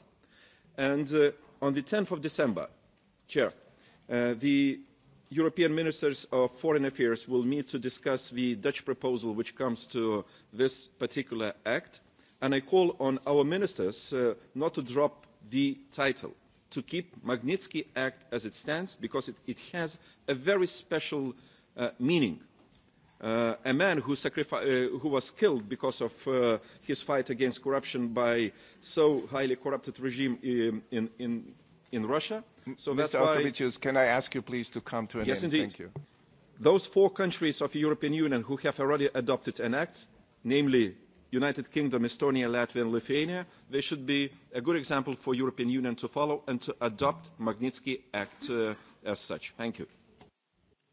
And uh, on the 10th of December, Chair, uh, the European ministers of foreign affairs will meet to discuss the Dutch proposal which comes to this particular act. And I call on our ministers uh, not to drop the title to keep Magnitsky Act as it stands because it, it has a very special uh, meaning. Uh, a man who, uh, who was killed because of uh, his fight against corruption by so highly corrupted regime in, um, in, in, in Russia. So Mr. Ostrovicius, can I ask you please to come to an yes, end? Yes, indeed. Thank you. Those four countries of the European Union who have already adopted an act, namely United Kingdom, Estonia, Latvia and Lithuania, they should be a good example for European Union to follow and to adopt Magnitsky Act uh, as such. Thank you.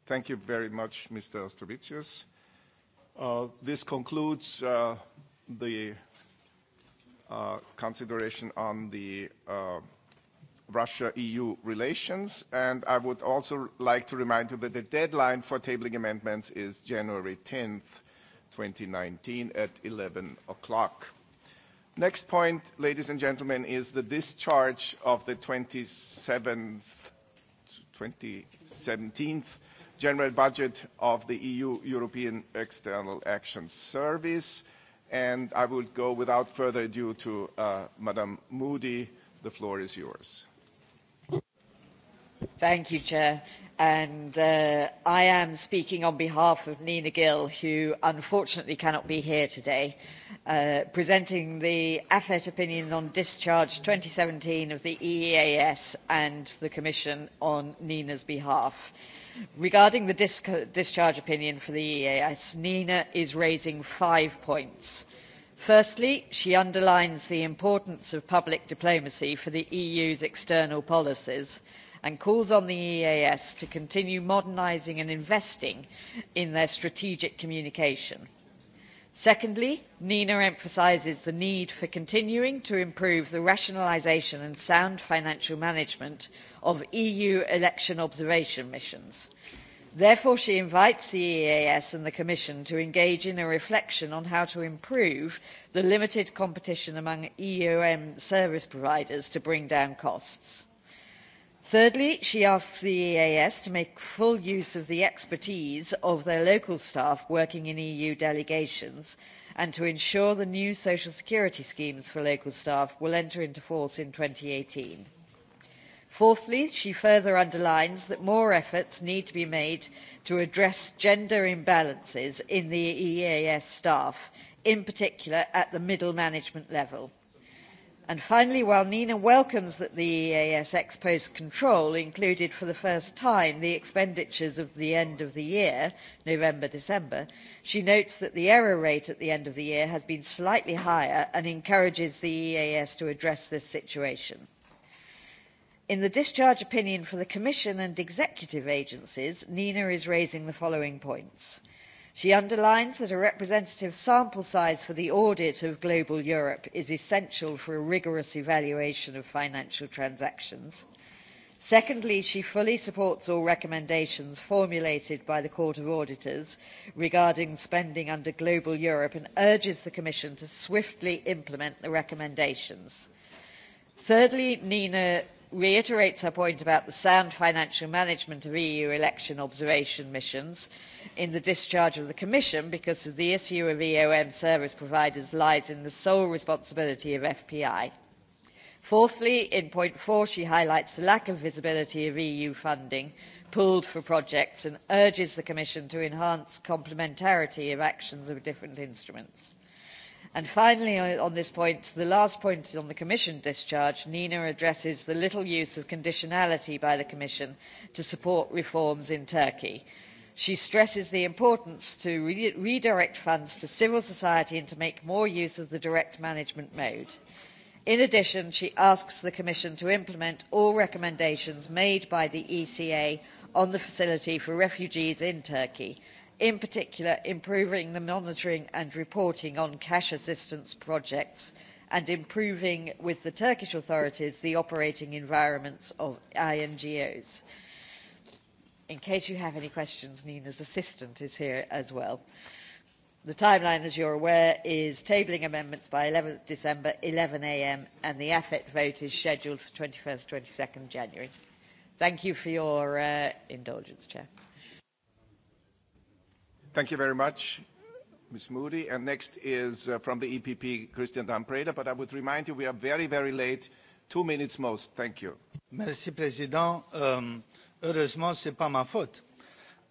Thank you very much, Mr. Ostrovicius. Uh, this concludes uh, the uh, consideration on the uh, Russia-EU relations, and I would also like to remind you that the deadline for tabling amendments is January 10th 2019 at 11 o'clock. Next point, ladies and gentlemen, is the discharge of the 27th, 2017 general budget of the EU European External Action Service. And I will go without further ado to uh, Madam Moody. The floor is yours. Thank you, Chair. And uh, I am speaking on behalf of Nina Gill, who unfortunately cannot be here today, uh, presenting the AFET opinion on discharge 2017 of the EEAS and the Commission on Nina's behalf. Regarding the discharge opinion for the EEAS, Nina is raising five points. Firstly, she underlines the importance of public diplomacy for the EU's external policies – and and calls on the EAS to continue modernising and investing in their strategic communication. Secondly, NINA emphasises the need for continuing to improve the rationalisation and sound financial management of EU election observation missions. Therefore, she invites the EAS and the Commission to engage in a reflection on how to improve the limited competition among EUM service providers to bring down costs thirdly she asks the eeas to make full use of the expertise of their local staff working in eu delegations and to ensure the new social security schemes for local staff will enter into force in. two thousand and eighteen fourthly she further underlines that more efforts need to be made to address gender imbalances in the eeas staff in particular at the middle management level. And finally, while Nina welcomes that the EAS ex post control included for the first time the expenditures of the end of the year, November December, she notes that the error rate at the end of the year has been slightly higher and encourages the EAS to address this situation. In the discharge opinion for the Commission and executive agencies, Nina is raising the following points. Uh, She underlines that a representative sample size for the audit of global Europe is essential for a rigorous evaluation of financial transactions. Secondly, she fully supports all recommendations formulated by the Court of Auditors regarding spending under Global Europe and urges the Commission to swiftly implement the recommendations. Thirdly, Nina reiterates her point about the sound financial management of EU election observation missions in the discharge of the Commission because of the issue of EOM service providers lies in the sole responsibility of FPI. Fourthly, in point four, she highlights the lack of visibility of EU funding pooled for projects and urges the Commission to enhance complementarity of actions of different instruments. And finally on this point the last point is on the commission discharge nina addresses the little use of conditionality by the commission to support reforms in turkey. she stresses the importance to redirect funds to civil society and to make more use of the direct management mode. in addition she asks the commission to implement all recommendations made by the eca on the facility for refugees in turkey in particular improving the monitoring and reporting on cash assistance projects and improving with the Turkish authorities the operating environments of INGOs. In case you have any questions, Nina's assistant is here as well. The timeline, as you're aware, is tabling amendments by 11th December, 11 a.m., and the AFET vote is scheduled for 21st, 22nd January. Thank you for your uh, indulgence, Chair. Thank you very much, Ms. Moody. And next is uh, from the EPP, Christian Dampreda. But I would remind you, we are very, very late. Two minutes most. Thank you. Merci, Président. Euh, heureusement, c'est pas ma faute.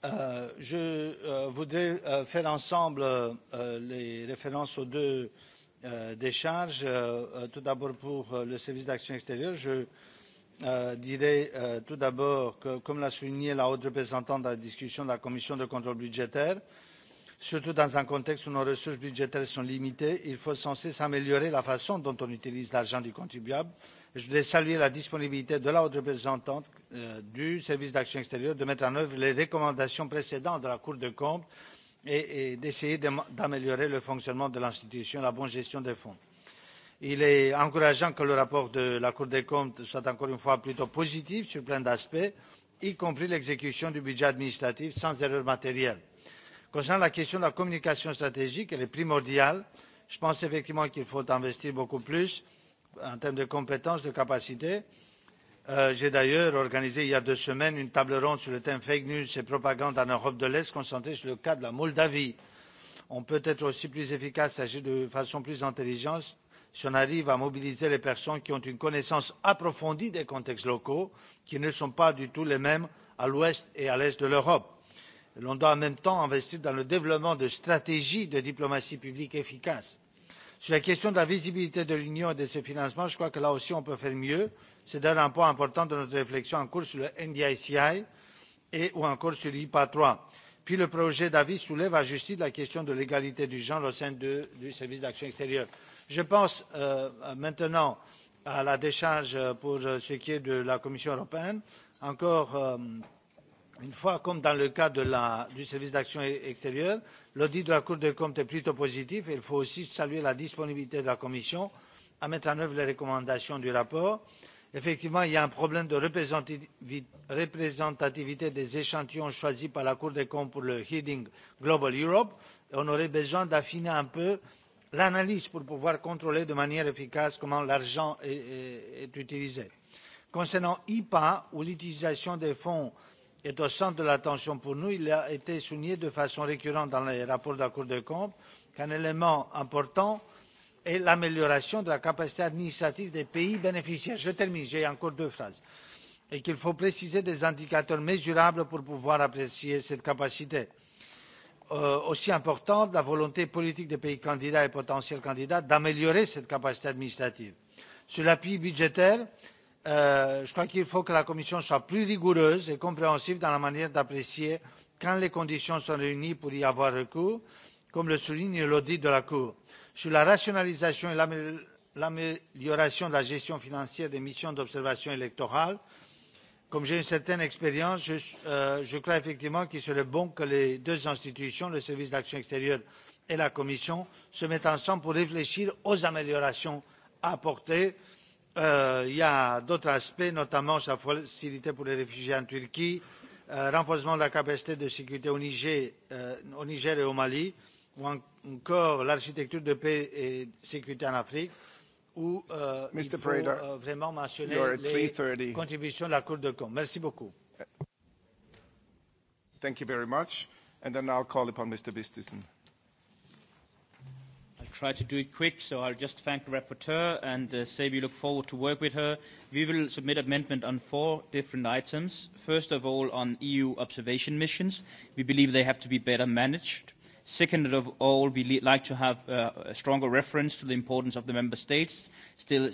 Euh, je euh, voudrais euh, faire ensemble euh, les références aux deux euh, décharges. Euh, euh tout d'abord, pour euh, le service d'action extérieure, je euh, Euh, dirai euh, tout d'abord que, comme l'a souligné la haute représentante dans la discussion de la commission de contrôle budgétaire, surtout dans un contexte où nos ressources budgétaires sont limitées, il faut sans cesse améliorer la façon dont on utilise l'argent du contribuable. je voudrais saluer la disponibilité de la haute représentante euh, du service d'action extérieure de mettre en œuvre les recommandations précédentes de la Cour des comptes et d'essayer d'améliorer le fonctionnement de l'institution et la bonne gestion des fonds Il est encourageant que le rapport de la Cour des comptes soit encore une fois plutôt positif sur plein d'aspects, y compris l'exécution du budget administratif sans erreur matérielle. Concernant la question de la communication stratégique, elle est primordiale. Je pense effectivement qu'il faut investir beaucoup plus en termes de compétences, de capacités. Euh, j'ai d'ailleurs organisé il y a deux semaines une table ronde sur le thème fake news et propagande en Europe de l'Est concentrée sur le cas de la Moldavie. On peut être aussi plus efficace, et agir de façon plus intelligente si on arrive à mobiliser les personnes qui ont une connaissance approfondie des contextes locaux, qui ne sont pas du tout les mêmes à l'ouest et à l'est de l'Europe. L'on doit en même temps investir dans le développement de stratégies de diplomatie publique efficaces. Sur la question de la visibilité de l'Union et de ses financements, je crois que là aussi on peut faire mieux. C'est d'ailleurs un point important de notre réflexion en cours sur le NDICI et ou encore sur l'IPA 3. Puis le projet d'avis soulève à justice la question de l'égalité du genre au sein de, du service d'action extérieure. Je pense euh, maintenant à la décharge pour ce qui est de la Commission européenne. Encore euh, une fois, comme dans le cas du service d'action e-, extérieure, l'audit de la Cour des comptes est plutôt positif et il faut aussi saluer la disponibilité de la Commission à mettre en œuvre les recommandations du rapport. Effectivement, il y a un problème de représentativité des échantillons choisis par la Cour des comptes pour le Hearing Global Europe. Et on aurait besoin d'affiner un peu l'analyse pour pouvoir contrôler de manière efficace comment l'argent est, utilisé. Concernant IPA, où l'utilisation des fonds est au centre de l'attention pour nous, il a été souligné de façon récurrente dans les rapports de la Cour des comptes qu'un élément important est l'amélioration de la capacité administrative des pays bénéficiaires. Je termine, j'ai encore deux phrases. Et qu'il faut préciser des indicateurs mesurables pour pouvoir apprécier cette capacité euh, aussi importante la volonté politique des pays candidats et potentiels candidats d'améliorer cette capacité administrative. Sur l'appui budgétaire, euh, je crois qu'il faut que la Commission soit plus rigoureuse et compréhensive dans la manière d'apprécier quand les conditions sont réunies pour y avoir recours, comme le souligne l'audit de la Cour. Sur la rationalisation et l'amélioration de la gestion financière des missions d'observation électorale, comme j'ai une certaine expérience, je, euh, je crois effectivement qu'il serait bon que les deux institutions, le service d'action extérieure et la Commission, se mettent ensemble pour réfléchir aux améliorations à apporter. Euh, il y a d'autres aspects, notamment sa facilité pour les réfugiés en Turquie, euh, renforcement de la capacité de sécurité au Niger, euh, au Niger et au Mali, ou en, encore l'architecture de paix et sécurité en Afrique où euh, Mr. il faut Prada, euh, vraiment mentionner les contributions de la Cour de compte. Merci beaucoup. Thank you very much. And then I'll call upon Mr. Vistisen. I'll try to do it quick, so I'll just thank the rapporteur and uh, say we look forward to work with her. We will submit amendment on four different items. First of all, on EU observation missions. We believe they have to be better managed Second of all, we like to have uh, a stronger reference to the importance of the member states, still,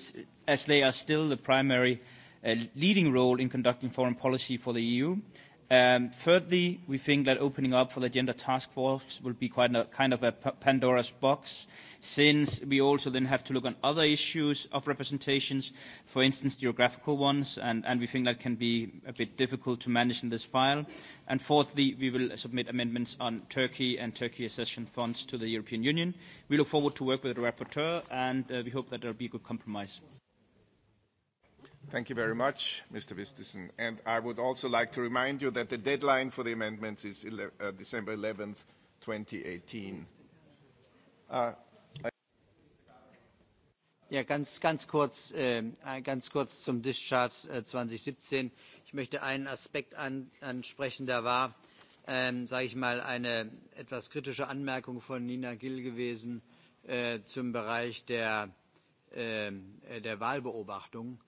as they are still the primary uh, leading role in conducting foreign policy for the EU. Um, thirdly, we think that opening up for the gender task force will be quite a kind of a Pandora's box, since we also then have to look on other issues of representations, for instance, geographical ones, and, and we think that can be a bit difficult to manage in this file. And fourthly, we will submit amendments on Turkey and Turkey accession funds to the European Union. We look forward to work with the rapporteur, and uh, we hope that there will be a good compromise. Thank you very much, Mr. Vistisen. And I would also like to remind you that the deadline for the amendments is ele uh, December 11th, 2018. Uh, ja, ganz, ganz, kurz, äh, ganz kurz zum Discharge äh, 2017. Ich möchte einen Aspekt an, ansprechen. Da war, ähm, sage ich mal, eine etwas kritische Anmerkung von Nina Gill gewesen äh, zum Bereich der, ähm, äh, der Wahlbeobachtung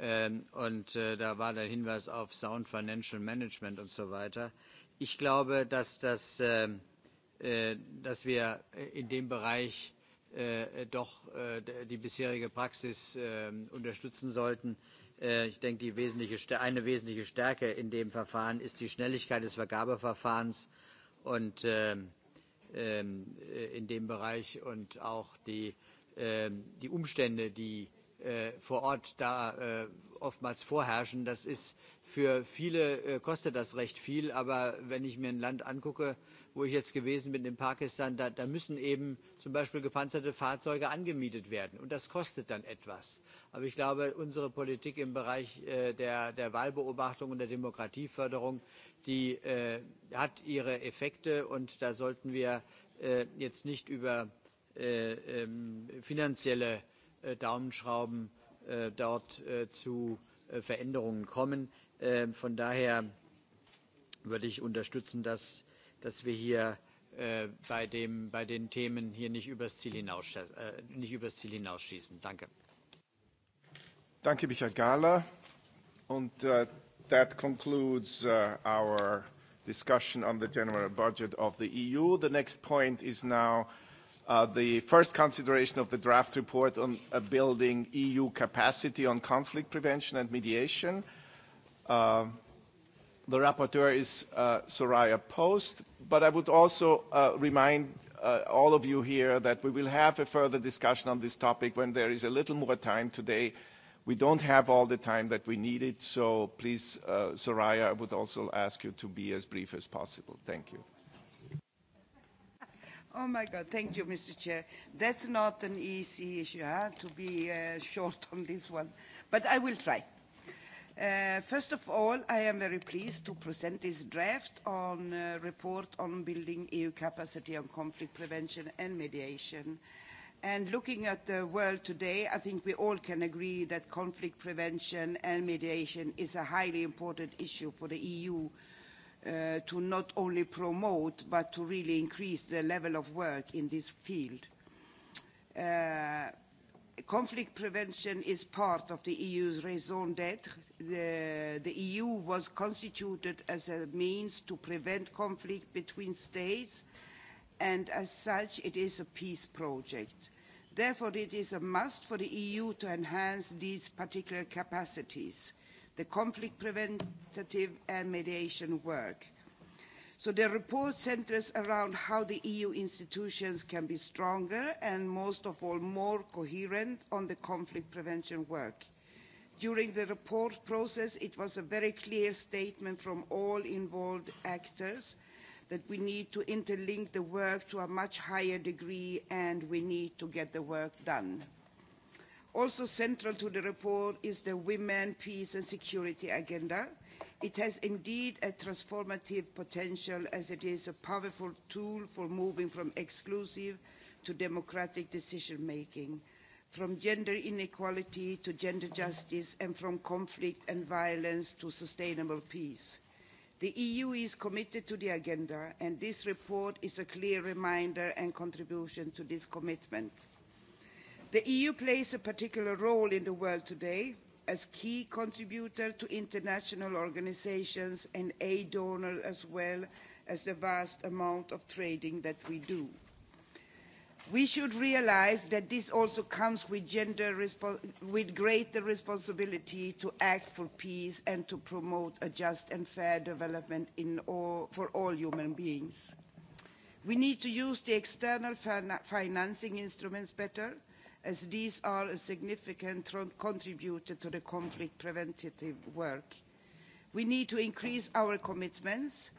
Ähm, und äh, da war der Hinweis auf Sound Financial Management und so weiter. Ich glaube, dass, das, äh, äh, dass wir äh, in dem Bereich äh, doch äh, die bisherige Praxis äh, unterstützen sollten. Äh, ich denke, die wesentliche, eine wesentliche Stärke in dem Verfahren ist die Schnelligkeit des Vergabeverfahrens und ähm, ähm, äh, in dem Bereich und auch die, ähm, die Umstände, die Äh, vor Ort da äh, oftmals vorherrschen. Das ist für viele äh, kostet das recht viel, aber wenn ich mir ein Land angucke, wo ich jetzt gewesen bin in Pakistan, da, da müssen eben zum Beispiel gepanzerte Fahrzeuge angemietet werden und das kostet dann etwas. Aber ich glaube, unsere Politik im Bereich äh, der, der Wahlbeobachtung und der Demokratieförderung, die äh, hat ihre Effekte und da sollten wir äh, jetzt nicht über äh, ähm, finanzielle Äh, Daumenschrauben äh, dort äh, zu Veränderungen kommen. Ähm, von daher würde ich unterstützen, dass, dass wir hier bei, dem, bei den Themen hier nicht übers Ziel, hinaus, nicht übers Ziel hinausschießen. Danke. Danke, Michael Gala. Und uh, that concludes uh, our discussion on the general budget of the EU. The next point is now Uh, the first consideration of the draft report on uh, building EU capacity on conflict prevention and mediation. Uh, the rapporteur is uh, Soraya Post, but I would also uh, remind uh, all of you here that we will have a further discussion on this topic when there is a little more time today. We don't have all the time that we need it, so please, uh, Soraya, I would also ask you to be as brief as possible. Thank you. Oh my God, thank you, Mr. Chair. That's not an easy issue, huh, to be uh, short on this one, but I will try. Uh, first of all, I am very pleased to present this draft on a uh, report on building EU capacity on conflict prevention and mediation. And looking at the world today, I think we all can agree that conflict prevention and mediation is a highly important issue for the EU Uh, to not only promote but to really increase the level of work in this field. Uh, conflict prevention is part of the EU's raison d'etre. The, the EU was constituted as a means to prevent conflict between states and as such it is a peace project. Therefore it is a must for the EU to enhance these particular capacities the conflict preventative and mediation work. So the report centres around how the EU institutions can be stronger and most of all more coherent on the conflict prevention work. During the report process, it was a very clear statement from all involved actors that we need to interlink the work to a much higher degree and we need to get the work done. Also central to the report is the Women, Peace and Security agenda. It has indeed a transformative potential as it is a powerful tool for moving from exclusive to democratic decision making, from gender inequality to gender justice, and from conflict and violence to sustainable peace. The EU is committed to the agenda, and this report is a clear reminder and contribution to this commitment. The EU plays a particular role in the world today as key contributor to international organizations and aid donor as well as the vast amount of trading that we do. We should realize that this also comes with, gender with greater responsibility to act for peace and to promote a just and fair development in all, for all human beings. We need to use the external financing instruments better as these are a significant contributor to the conflict preventative work. We need to increase our commitments,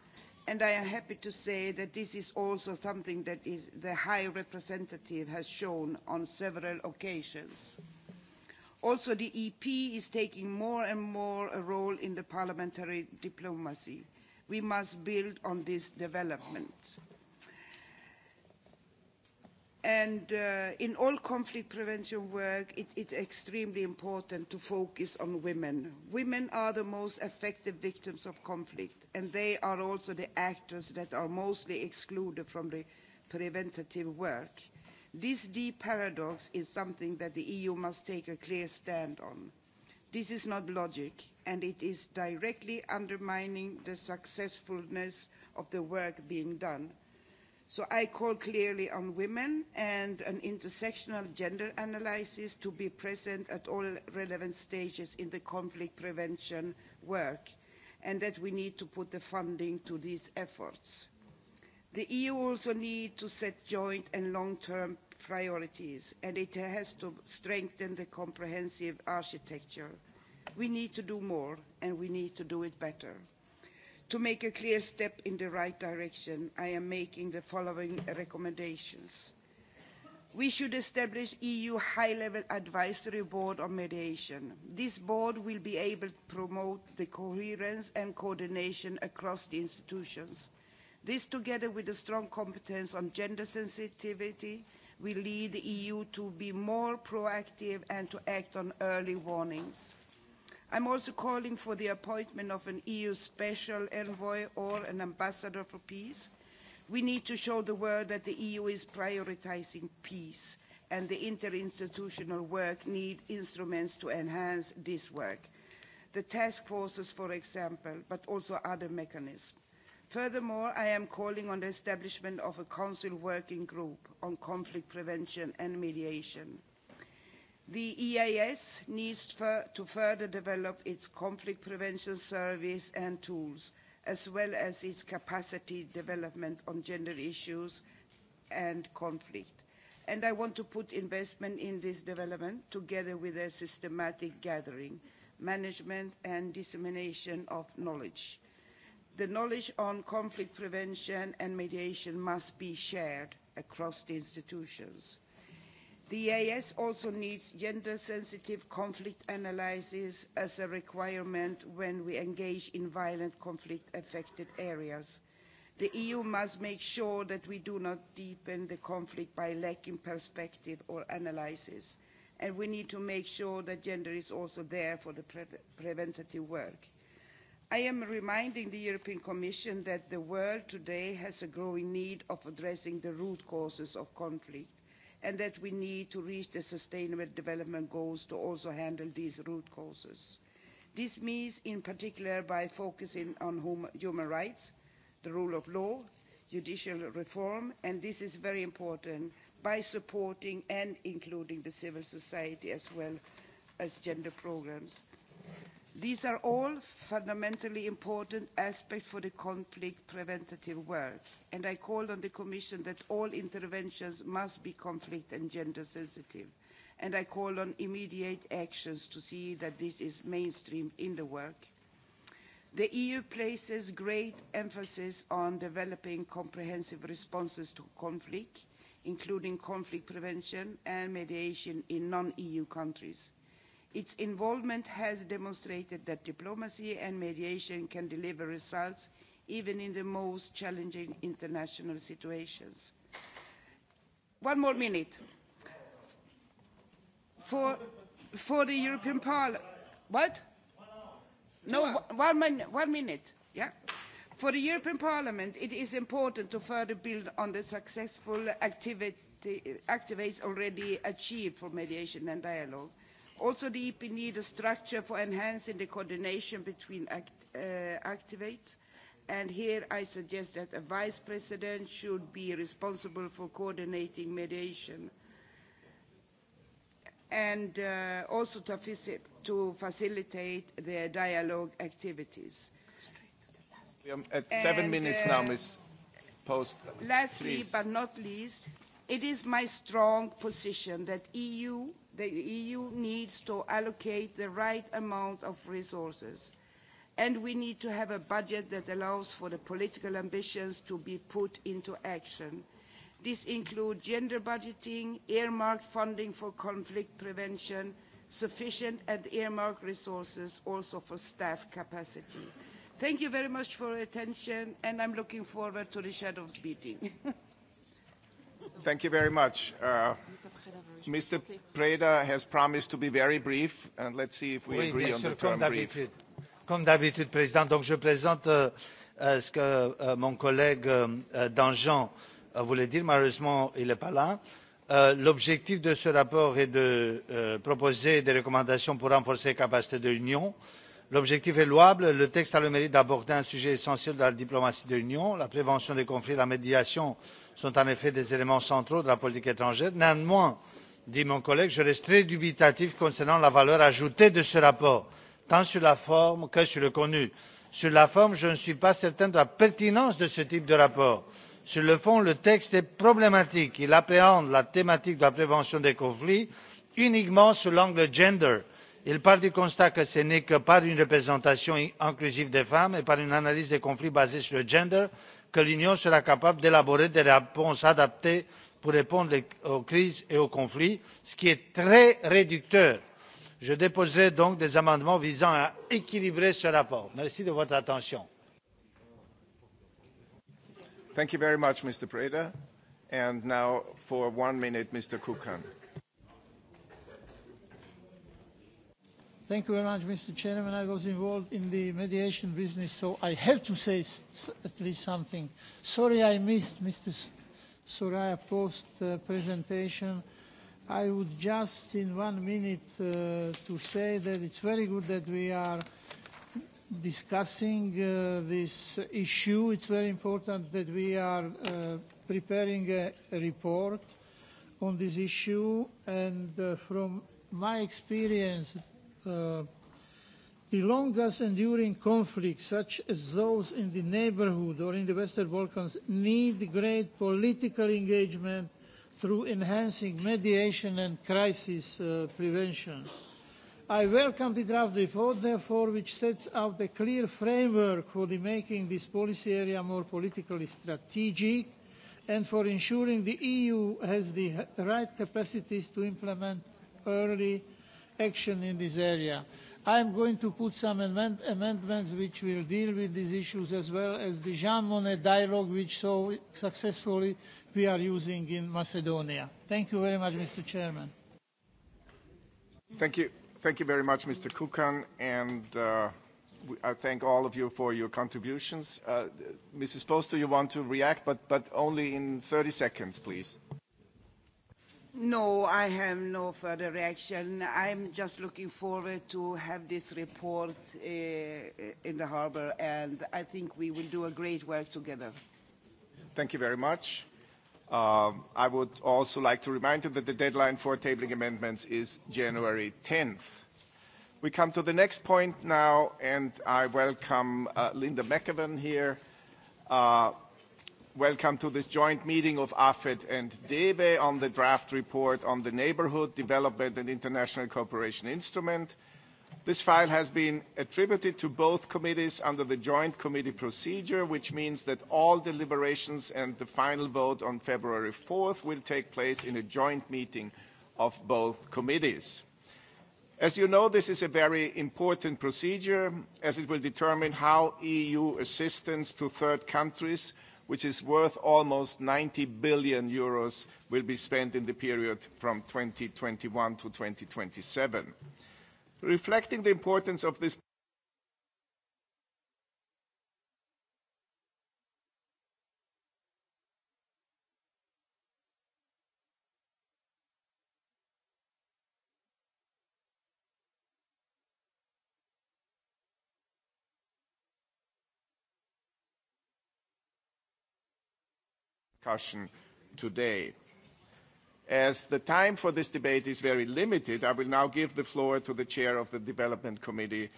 and I am happy to say that this is also something that is, the High Representative has shown on several occasions. Also, the EP is taking more and more a role in the parliamentary diplomacy. We must build on this development and uh, in all conflict prevention work it is extremely important to focus on women. Women are the most affected victims of conflict and they are also the actors that are mostly excluded from the preventative work. This deep paradox is something that the EU must take a clear stand on. This is not logic and it is directly undermining the successfulness of the work being done So I call clearly on women and an intersectional gender analysis to be present at all relevant stages in the conflict prevention work and that we need to put the funding to these efforts. The EU also needs to set joint and long-term priorities and it has to strengthen the comprehensive architecture. We need to do more and we need to do it better. To make a clear step in the right direction, I am making the following recommendations. We should establish EU high-level advisory board on mediation. This board will be able to promote the coherence and coordination across the institutions. This, together with a strong competence on gender sensitivity, will lead the EU to be more proactive and to act on early warnings. I'm also calling for the appointment of an EU special envoy or an ambassador for peace. We need to show the world that the EU is prioritising peace and the interinstitutional work need instruments to enhance this work. The task forces, for example, but also other mechanisms. Furthermore, I am calling on the establishment of a council working group on conflict prevention and mediation. The EAS needs to further develop its conflict prevention service and tools, as well as its capacity development on gender issues and conflict. And I want to put investment in this development together with a systematic gathering, management and dissemination of knowledge. The knowledge on conflict prevention and mediation must be shared across the institutions The EAS also needs gender-sensitive conflict analysis as a requirement when we engage in violent conflict-affected areas. The EU must make sure that we do not deepen the conflict by lacking perspective or analysis. And we need to make sure that gender is also there for the pre preventative work. I am reminding the European Commission that the world today has a growing need of addressing the root causes of conflict and that we need to reach the sustainable development goals to also handle these root causes. This means, in particular, by focusing on human rights, the rule of law, judicial reform, and this is very important, by supporting and including the civil society as well as gender programs. These are all fundamentally important aspects for the conflict preventative work, and I call on the Commission that all interventions must be conflict and gender sensitive, and I call on immediate actions to see that this is mainstreamed in the work. The EU places great emphasis on developing comprehensive responses to conflict, including conflict prevention and mediation in non-EU countries. Its involvement has demonstrated that diplomacy and mediation can deliver results even in the most challenging international situations. One more minute. For, for the European Parliament. What? No, one, min one minute. Yeah. For the European Parliament, it is important to further build on the successful activity, activities already achieved for mediation and dialogue Also, the EP needs a structure for enhancing the coordination between act, uh, activates, and here I suggest that a vice president should be responsible for coordinating mediation and uh, also to, visit, to facilitate their dialogue activities. We are at seven and, minutes uh, now, Ms. Post. Lastly, please. but not least, it is my strong position that EU the EU needs to allocate the right amount of resources. And we need to have a budget that allows for the political ambitions to be put into action. This includes gender budgeting, earmarked funding for conflict prevention, sufficient and earmarked resources also for staff capacity. Thank you very much for your attention, and I'm looking forward to the shadows meeting. Thank you very much. Uh, Mr. Preda has promised to be very brief, and let's see if we oui, agree on the term brief. Comme d'habitude, Président, donc je présente euh, euh ce que euh, mon collègue euh, euh Danjean euh, voulait dire. Malheureusement, il n'est pas là. L'objectif de ce rapport est de proposer des recommandations pour renforcer les capacités de l'Union. L'objectif est louable. Le texte a le mérite d'aborder un sujet essentiel de la diplomatie de l'Union, la prévention des conflits, la médiation sont en effet des éléments centraux de la politique étrangère. néanmoins dit mon collègue je reste très dubitatif concernant la valeur ajoutée de ce rapport tant sur la forme que sur le contenu. sur la forme je ne suis pas certain de la pertinence de ce type de rapport. sur le fond le texte est problématique. il appréhende la thématique de la prévention des conflits uniquement sous l'angle gender. il part du constat que ce n'est que par une représentation inclusive des femmes et par une analyse des conflits basée sur le gender que l'union sera capable d'élaborer des réponses adaptées pour répondre aux crises et aux conflits ce qui est très réducteur. je déposerai donc des amendements visant à équilibrer ce rapport. merci de votre attention. Thank you very much, Mr. Chairman. I was involved in the mediation business, so I have to say s at least something. Sorry I missed Mr. Soraya Post's uh, presentation. I would just in one minute uh, to say that it's very good that we are discussing uh, this issue. It's very important that we are uh, preparing a, a report on this issue, and uh, from my experience, Uh, the longest enduring conflicts, such as those in the neighborhood or in the Western Balkans, need great political engagement through enhancing mediation and crisis uh, prevention. I welcome the draft report, therefore, which sets out a clear framework for the making this policy area more politically strategic and for ensuring the EU has the right capacities to implement early action in this area. I am going to put some amendments which will deal with these issues as well as the Jean Monnet dialogue which so successfully we are using in Macedonia. Thank you very much, Mr. Chairman. Thank you. Thank you very much, Mr. Kukan. And uh, I thank all of you for your contributions. Uh, Mrs. Poster, you want to react, but, but only in 30 seconds, please. No, I have no further reaction. I'm just looking forward to have this report uh, in the harbor, and I think we will do a great work together. Thank you very much. Um, I would also like to remind you that the deadline for tabling amendments is January 10th. We come to the next point now, and I welcome uh, Linda McEwen here. Uh, Welcome to this joint meeting of AFET and DEWE on the draft report on the Neighbourhood Development and International Cooperation Instrument. This file has been attributed to both committees under the joint committee procedure, which means that all deliberations and the final vote on February 4th will take place in a joint meeting of both committees. As you know, this is a very important procedure as it will determine how EU assistance to third countries – which is worth almost 90 billion euros, will be spent in the period from 2021 to 2027. Reflecting the importance of this discussion today. As the time for this debate is very limited, I will now give the floor to the Chair of the Development Committee,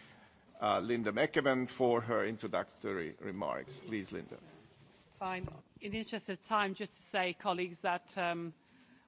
uh, Linda McEwen, for her introductory remarks. Please, Linda. Fine. In the interest of time, just to say, colleagues, that um,